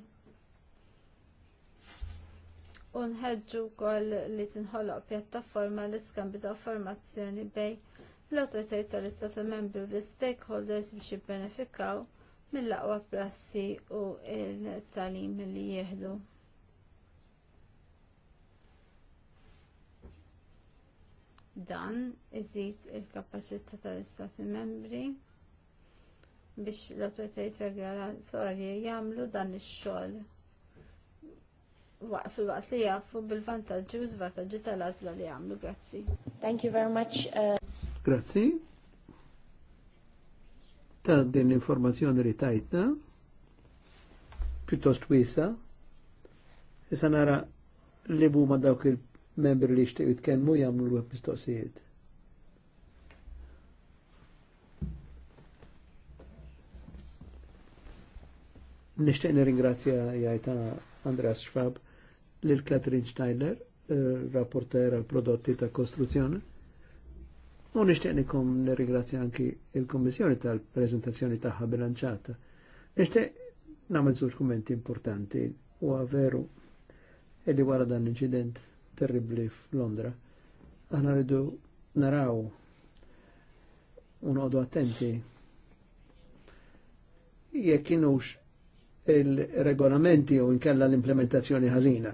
U nħeġġu wkoll li tinħoloq pjattaforma li iskambju ta' informazzjoni bejn l-autoritajiet tal-Istati Membri u l-stakeholders biex jibbenefikaw mill-aqwa prassi u l-talim li jieħdu. Dan iżid il-kapaċità tal-Istati membri biex l-autoritajiet regolatorji jagħmlu dan ix-xogħol fil-waqt li jafu bil-vantaġġi u żvantaġġi tal-għażla li jagħmlu. Grazzi. Thank you very much. Uh... Grazzi ta' din l-informazzjoni li tajtna, piuttost wiesa. issa nara li buma dawk il membri li jishtiq jitkellmu jagħmlu l mistoqsijiet. Nishtiq nirringrazzja jajta Andreas Schwab lil Katrin Steiner, eh, rapporter għal prodotti ta' kostruzzjoni. U nishtiq nikom nirringrazzja anki il-Kommissjoni tal-prezentazzjoni tagħha bilanċata. Nishtiq nagħmel żewġ kummenti importanti u għaveru li wara dan l-inċident terribli f'Londra. Aħna rridu naraw unqodu attenti jekk kienux il-regolamenti u inkella l-implementazzjoni ħażina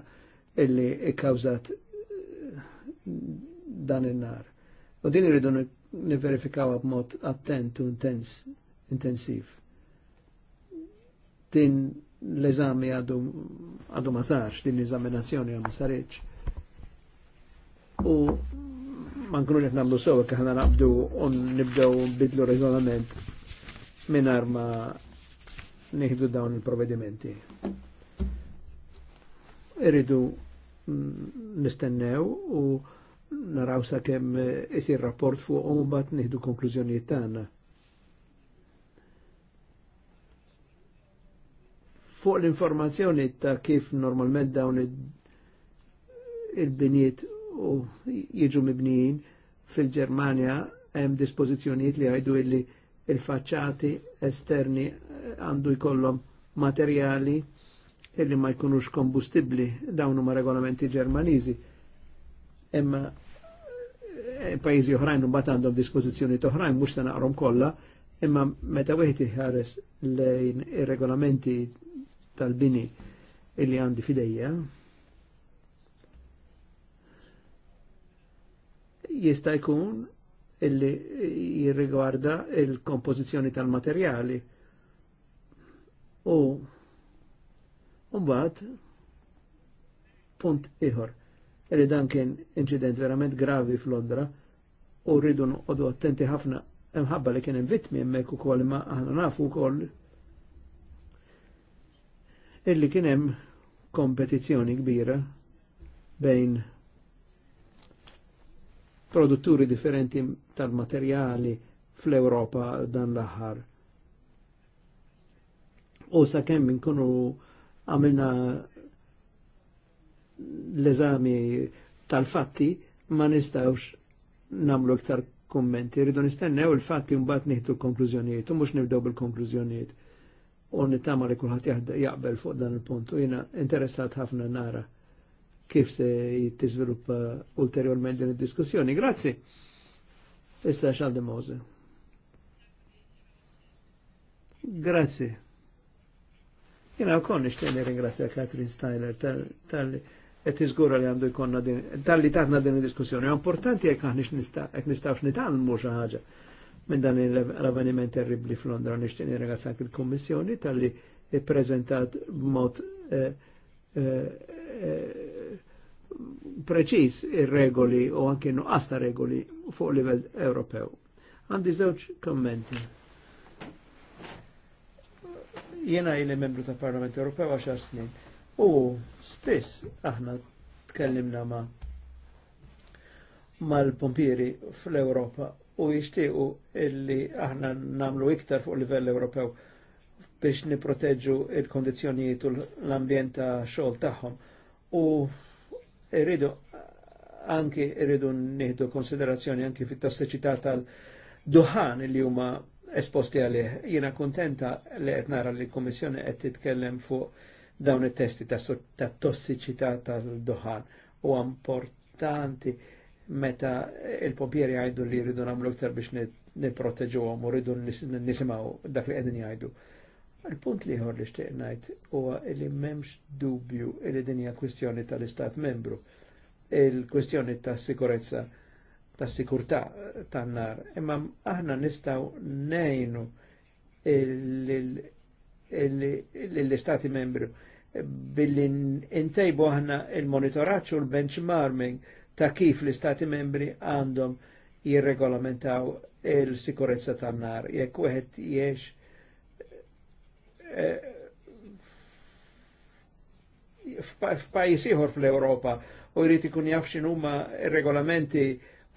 illi kkawżat eh, dan in-nar. U din irridu niverifikawa b'mod attent u intens, intensiv. Din l-eżami għadu ma sarx, din l-eżaminazzjoni għadu ma sarx u man kunu qed nagħmlu sewa kif ħana naqbdu u nibdew bidlu regolament mingħajr ma nieħdu dawn il-provvedimenti. Irridu mm, nistennew u naraw sakemm isir rapport fuq u mbagħad nieħdu konklużjonijiet tagħna. Fuq l-informazzjoni ta' kif normalment dawn il-biniet il u jiġu mibnijin fil-Germania hemm dispożizzjonijiet li għajdu illi il-facċati esterni eh, għandu jkollhom materjali illi ma jkunux kombustibli dawn huma regolamenti Ġermaniżi. Imma eh, pajjiżi oħrajn mbagħad għandhom dispożizzjoni oħrajn mhux se naqrom kollha, imma meta wieħed ħares lejn ir-regolamenti tal-bini illi għandi fidejja, jista' jkun illi jirrigwarda il-kompożizzjoni tal-materjali. U mbagħad punt ieħor li dan kien inċident verament gravi f'Londra u rridu noqogħdu attenti ħafna imħabba li kien hemm vittmi hemmhekk ukoll imma aħna nafu wkoll illi kien hemm kompetizzjoni kbira bejn produtturi differenti tal-materjali fl-Europa dan l-aħħar. U sa' kemm inkunu għamilna l-eżami tal-fatti ma nistawx namlu iktar kommenti, rridu nistennew il-fatti mbagħad nieħdu konklużjonijiet u mhux nibdew bil-konklużjonijiet. U nittama li kulħadd jaqbel fuq dan il-punt u jiena interessat ħafna nara kif se jittiżviluppa ulterjorment din id-diskussjoni. Grazzi. Issa xaldi Mose. Grazzi. Jena u konni xtenni ringrazzja Katrin Styler tal et li għandu jkonna din, tal-li taħna din diskussjoni. Importanti jek għax nistawx nitalmu xaħġa minn dan l-avveniment terribli fl-Londra. Nishtenni ringrazzja il-Kommissjoni tal-li prezentat mod eh, eh, eh preċis ir-regoli u anke nuqqas ta' regoli fuq livell Ewropew. Għandi żewġ kommenti. Jena jeni membru ta' Parlament Ewropew 10 snin. U spiss aħna tkellimna ma' mal-pompieri fl-Europa u jishtiqu illi aħna namlu iktar fuq livell Ewropew biex niproteġu il-kondizjonijiet u l-ambjent ta' xogħol tagħhom. U irridu anki irridu nieħdu konsiderazzjoni anki fit-tossiċità tal-duħan li huma esposti għalih. Jiena kuntenta li qed nara li l-Kummissjoni qed titkellem fuq dawn it-testi ta' tossiċità tal-duħan u importanti meta il-pompieri għajdu li jridu nagħmlu iktar biex niprotegġuhom u rridu nisimgħu dak li qegħdin jgħidu. Il-punt liħor li xteqnajt ngħid huwa li m'hemmx dubju li din hija kwistjoni tal-Istat membru. Il-kwistjoni tas-sikurezza tas-sikurtà tan-nar, imma aħna nistgħu nejnu l-Istati membru billi intejbu aħna il-monitoraċċu l-benchmarking ta' kif l-Istati membri għandhom jirregolamentaw il-sikurezza tan-nar. Jekk wieħed jiex Eh, f'pajis ieħor fl-Ewropa u jrid ikun jaf x'inhuma regolamenti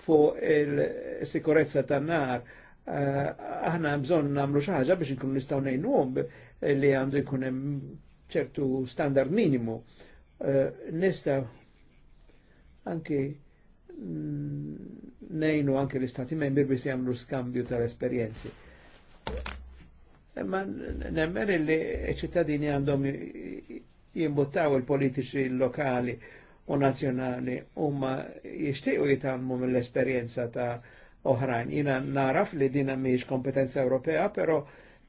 fuq il-sikurezza tan-nar, eh, aħna bżonn nagħmlu xi ħaġa biex inkunu nistgħu ngħinuhom li għandu jkun hemm ċertu standard minimu. Eh, nista' anke nejnu anke l-istati membri biex jagħmlu skambju tal-esperjenzi. Ma nemmen li ċittadini għandhom jimbuttaw il-politiċi lokali u nazjonali umma jishtiqu jitalmu mill-esperienza ta' oħrajn. Jina naraf li dina miex kompetenza Ewropea, pero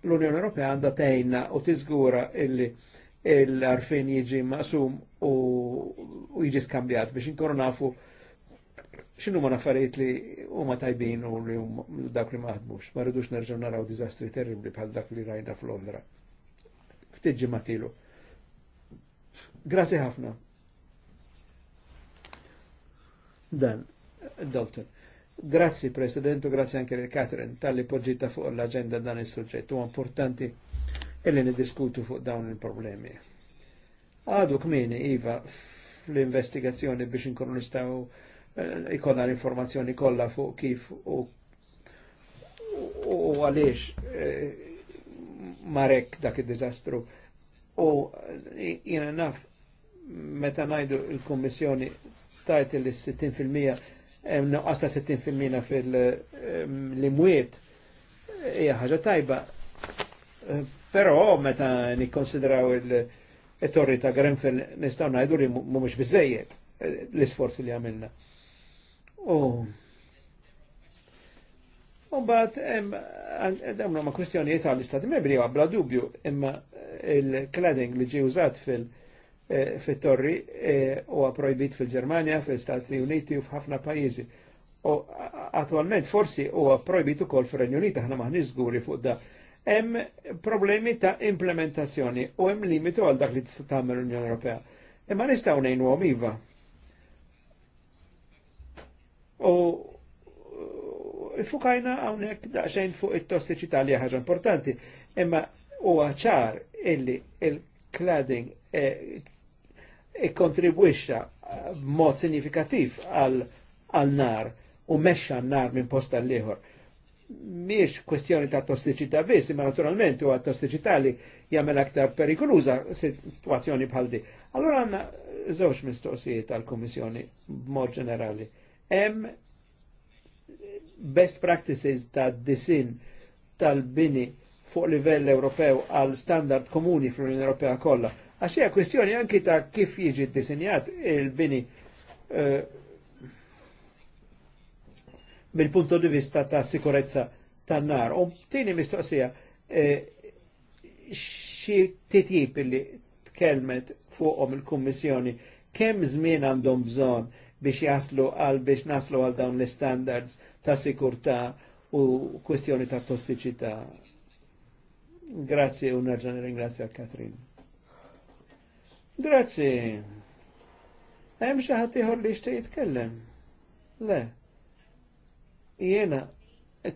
l-Unjoni Ewropea għandha tejna u tizgura illi l-arfin jiġi maqsum u jiġi skambjat biex inkunu nafu xinu ma naffariet li huma tajbin u li dak li maħdmux. Ma rridux nerġaw naraw dizastri terribli bħal dak li rajna f'Londra. Ftit ma'tilu. Grazie ħafna. Dan, Dalton. Grazzi Presidentu, grazie anche lil Catherine tal-li poġġita fuq l-agenda dan il-suġġett. U importanti illi niddiskutu fuq dawn il-problemi. Għadu kmini, Iva, fl-investigazzjoni biex inkunu nistaw Eh, ikonna l-informazzjoni kollha fuq kif u u għaliex eh, marek dak id-diżastru. U eh, jiena naf meta ngħidu l-Kummissjoni tajt il 60% hemm noqqas 60% fil-imwiet hija ħaġa tajba. Però meta nikkonsidraw il-torri ta' Grenfell nistgħu ngħidu li mhumiex biżejjed l-isforzi li għamilna. U bat, għamlu ma kwestjonijiet għall-istati membri, għabla dubju, imma il-cladding li ġi użat fil-torri u għaprojbit fil eh, eh, ġermania fil-Stati Uniti u f'ħafna pajizi. U attualment forsi u għaprojbit u kol fil-Renju Uniti, ħna maħni zguri fuq da. Hemm problemi ta' implementazzjoni u hemm limitu għal dak li tista' tagħmel l-Unjoni Ewropea. Imma nistgħu ngħidu iva U fukajna għawnek daqxajn fuq il-tossiċità li ħaġa importanti, imma huwa ċar illi il-cladding ikkontribwixxa e, e b'mod sinifikattiv għal nar u mexxa nar minn posta l-ieħor. Miex kwestjoni ta' tossiċità biss, imma naturalment huwa tossiċità li jagħmel aktar perikoluża situazzjoni bħal di. Allura għandna żewġ mistoqsijiet tal-Kummissjoni b'mod ġenerali Hemm best practices ta' disin tal-bini fuq livell Ewropew għal standard komuni fl-Unjoni Ewropea kollha. Għax hija kwistjoni anki ta' kif jiġi ddisinjat il-bini eh, mill-punto di vista ta' sikurezza tan-nar. U tieni mistoqsija eh, xi titjib li tkellmet fuqhom il-Kummissjoni kemm żmien għandhom bżonn biex jaslu għal biex naslu għal dawn l-standards ta' sikurta u kwestjoni ta' tossiċità. Grazie u nerġan ringrazzi għal Katrin. Grazie. Hemm xi ħadd ieħor li jixtieq jitkellem. Le. Jiena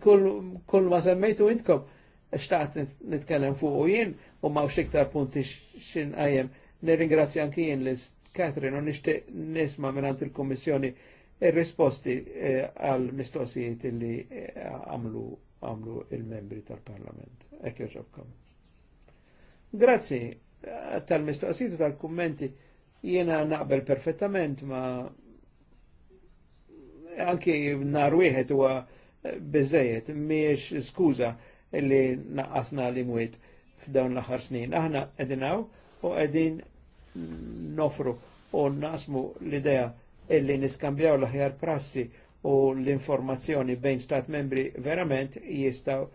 kull, kull ma semmejtu intkom xtaqt nitkellem fuq u jien u ma iktar punti xin għajem. Nirringrazzja anki jien list Katrin, u nishtiq nisma minnant il-Kommissjoni il-risposti eh, għal-mistoqsijiet li eh, għamlu għamlu il-membri tal-Parlament. Ekk ġobkom. Grazzi eh, tal-mistoqsijiet u tal-kummenti jena naqbel perfettament ma anki nar wieħed huwa biżejjed miex skuża li naqqasna li mwiet f'dawn l-aħħar snin. Aħna qegħdin u qegħdin nofru u nasmu l-idea illi niskambjaw l-ħjar prassi u l-informazzjoni bejn stat membri verament jistaw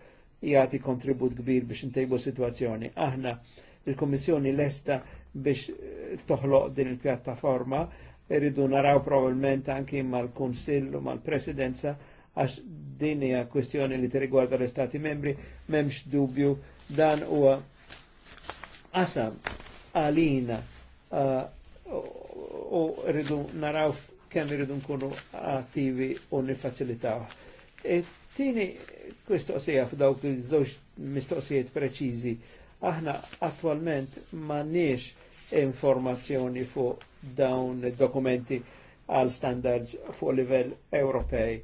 jgħati kontribut kbir biex intejbu situazzjoni. Aħna il l lesta biex eh, toħloq din il-pjattaforma, irridu naraw probabbilment anki mal-Kunsill u mal-Presidenza għax din hija kwestjoni li tirigwarda l-Istati membri, memx dubju dan huwa qasam għalina u rridu naraw kemm irridu nkunu attivi u nifaċilitaw. E tini kwistoqsija f'dawk iż-żewġ mistoqsijiet preċiżi, aħna attwalment niex informazzjoni fuq dawn id-dokumenti għal standards fuq livell Ewropej.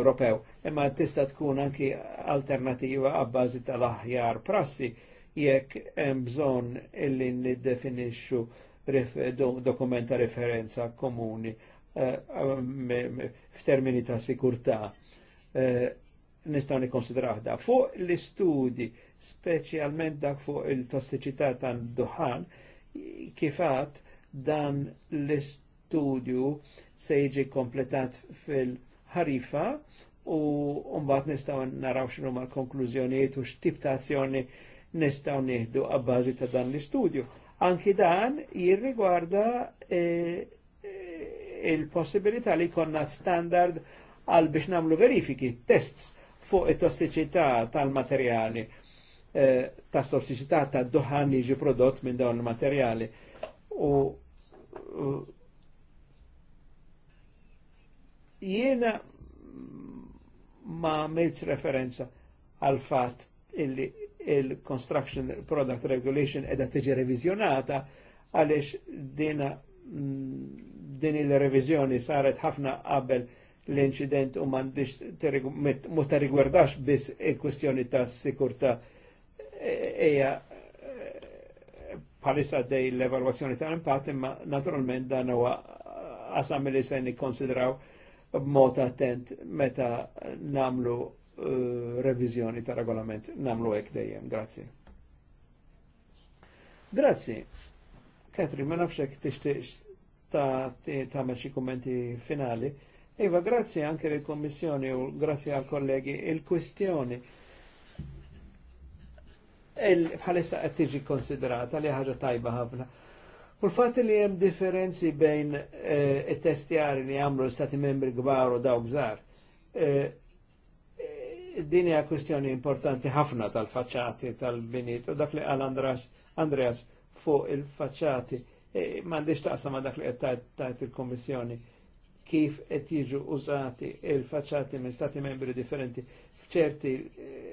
Ewropew, imma tista' tkun anki alternativa għabbażi tal-aħjar prassi jekk hemm bżonn illi niddefinixxu dokumenta referenza komuni eh, eh, f'termini ta' sikurtà eh, nistgħu nikkonsidrah Fuq l-istudji, speċjalment dak fuq il-tossiċità tan-duħan, kifat dan l-istudju se jiġi kompletat fil-ħarifa u mbagħad nistgħu naraw x'huma l konklużjonijiet u x'tip ta' azzjoni nistaw nieħdu għabbażi ta' dan l-istudju. Anki dan jirrigwarda eh, eh, il-possibilità li konna standard għal biex namlu verifiki, tests fuq it-tossiċità tal-materjali, eh, ta' tossiċità ta' duħan ġi prodott minn dawn il-materjali. U, u jiena ma għamilx referenza għal fatt illi il-Construction Product Regulation edha tiġi revizjonata għaliex dina mm, din il-revizjoni saret ħafna qabel l-inċident u m'għandix muta rigwardax biss il-kwestjoni ta' sikurta e, eja palissa dej l evaluazzjoni ta' impatt imma naturalment dan huwa qasam li se nikkonsidraw b'mod attent meta namlu Eh, revizjoni ta' regolament namlu hekk dejjem. Grazzi. Grazzi. Katri, ma nafx hekk ta' ta' xi kommenti finali. Iva, grazzi anke lill-Kommissjoni u grazzi għal kollegi il-kwistjoni bħalissa qed tiġi konsiderata li ħaġa tajba ħafna. U l-fatt li hemm differenzi bejn eh, it-testjari li għamlu l-Stati membri gbar u dawk żgħar eh, din hija kwestjoni importanti ħafna tal-faċċati tal-biniet u dak li għal Andreas fuq il-faċċati e, m'għandix taqsam ma dak li qed tajt il-Kommissjoni kif qed jiġu użati il-faċċati minn stati membri differenti f'ċerti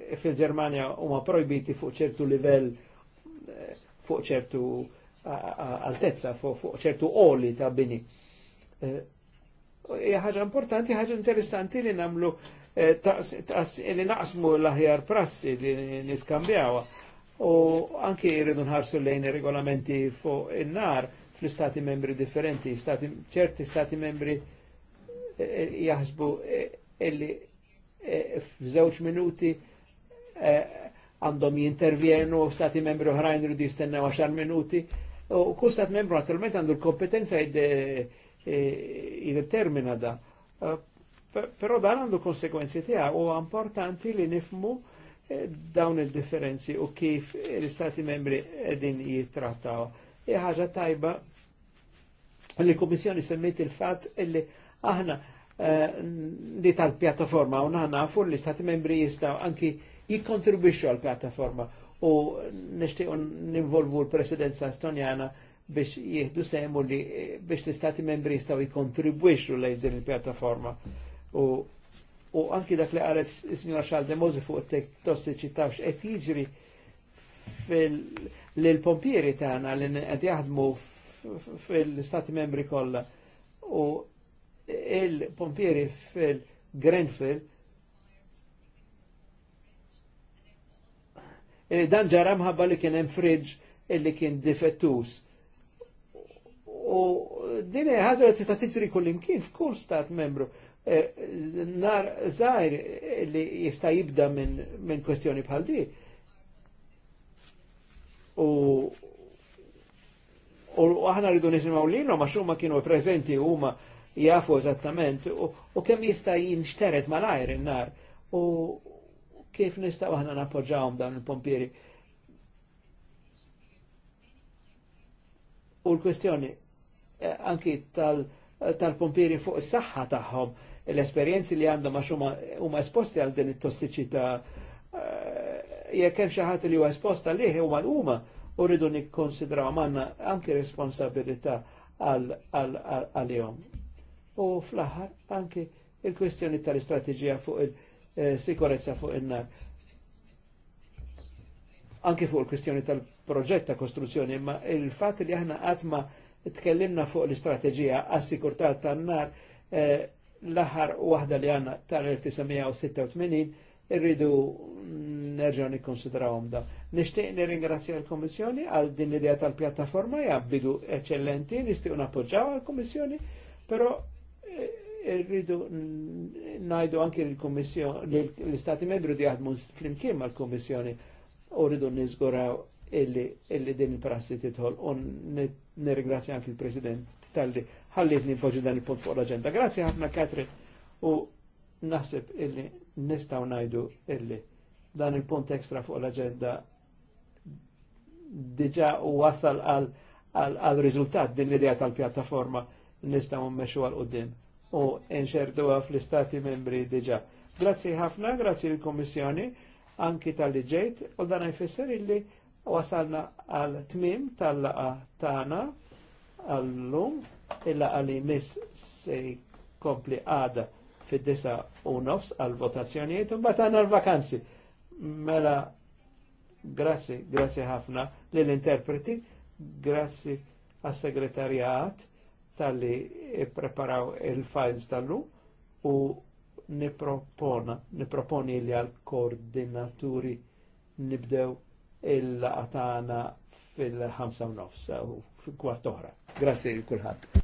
e, fil-Ġermanja huma projbiti fuq ċertu livell e, fuq ċertu altezza fuq ċertu oli ta' bini. Hija ħaġa importanti, ħaġa interessanti li nagħmlu Eh, li naqsmu l ħjar prassi li niskambjawa. U anki jridu nħarsu lejn regolamenti fuq il nar fl-istati membri differenti, stati, ċerti stati membri eh, jaħsbu eh, illi f'żewġ minuti għandhom jintervjenu, stati membri oħrajn rridu jistennew 10 minuti, u kull stat membru naturalment għandu l-kompetenza jiddetermina da. Però dan għandu konsekwenzi tiegħu u importanti li nifmu eh, dawn il-differenzi u kif l-Istati membri edin jittrattaw. ħaġa tajba li l-Komissjoni semmit il-fat li aħna li eh, tal-pjattaforma u nafu l-Istati membri jistaw anki jikontribwixxu għal-pjattaforma u nishtiqu nivolvu l-presidenza estonjana biex jihdu semu li eh, biex l-istati membri jistaw jikontribwixu lejn din il-pjattaforma u u anki dak li għaret s Xalde Mozi fuq it tossi ċittawx et jiġri fil-pompieri tagħna li qed jaħdmu fil-Stati membri kollha u il-pompieri fil-Grenfell eh, dan ġara mħabba li kien hemm fridge illi kien difettus. U din ħaġa li tista' tiġri kullimkien f'kull stat membru Eh, nar zaħir li jista jibda minn min kwestjoni bħal di. U u aħna rridu nisimaw li ma xumma kienu prezenti u ma jafu eżattament u, kemm kem jista jinxteret mal-ajr il-nar u kif nista aħna napoġawm dan il-pompieri. U l-kwestjoni eh, anki tal- tal-pompieri fuq is-saħħa tagħhom l-esperienzi li għandhom għax huma esposti għal din it-tossiċità eh, jekk hemm xi ħadd li huwa esposta għalih huma huma u rridu nikkonsidraw għandna anke responsabilità għal-jom. U fl-aħħar anke il-kwestjoni tal-istrateġija fuq il-sikurezza eh, fuq in-nar. Anke fuq il-kwestjoni tal-proġett ta' kostruzzjoni, imma il fat li aħna qatt ma tkellimna fuq l-istrateġija għas-sikurtà tan-nar eh, l-aħħar waħda li għanna tal-1986 irridu nerġaw nikkonsidrawhom da. Nixtieq nirringrazzja l-Kommissjoni għal din l-idea tal-pjattaforma hija bidu eċċellenti, nistgħu nappoġġaw għall-Kommissjoni, però eh, irridu najdu anki l-Kommissjoni l-Istati Membri di jaħdmu flimkien mal-Kommissjoni u rridu niżguraw illi, din il-prassi titħol u nirringrazzja anki l-President tal-li ħallitni poġi dan il-punt fuq l-agenda. Grazie ħafna Katrin u naħseb illi nistaw najdu illi dan il-punt ekstra fuq l-agenda diġa u wasal għal riżultat din l-idea tal-pjattaforma nistaw mmexu għal qudiem u nxerdu fl-istati membri diġa. Grazzi ħafna, grazzi l komissjoni anki tal liġejt ġejt, u dan jfisser illi wasalna għal tmim tal-laqa tana għall-lum illa għalli mis se kompli għada fid-disa u nofs għal votazzjoniet u batan għal-vakanzi. Mela, grassi, grassi ħafna li l-interpreti, grassi għas-segretarjat tal-li preparaw il-files tal-lu u nipropona, niproponi li għal-koordinaturi nibdew il għatana fil ħamsa u nofs u fil-kwart oħra. Grazie il-kulħadd.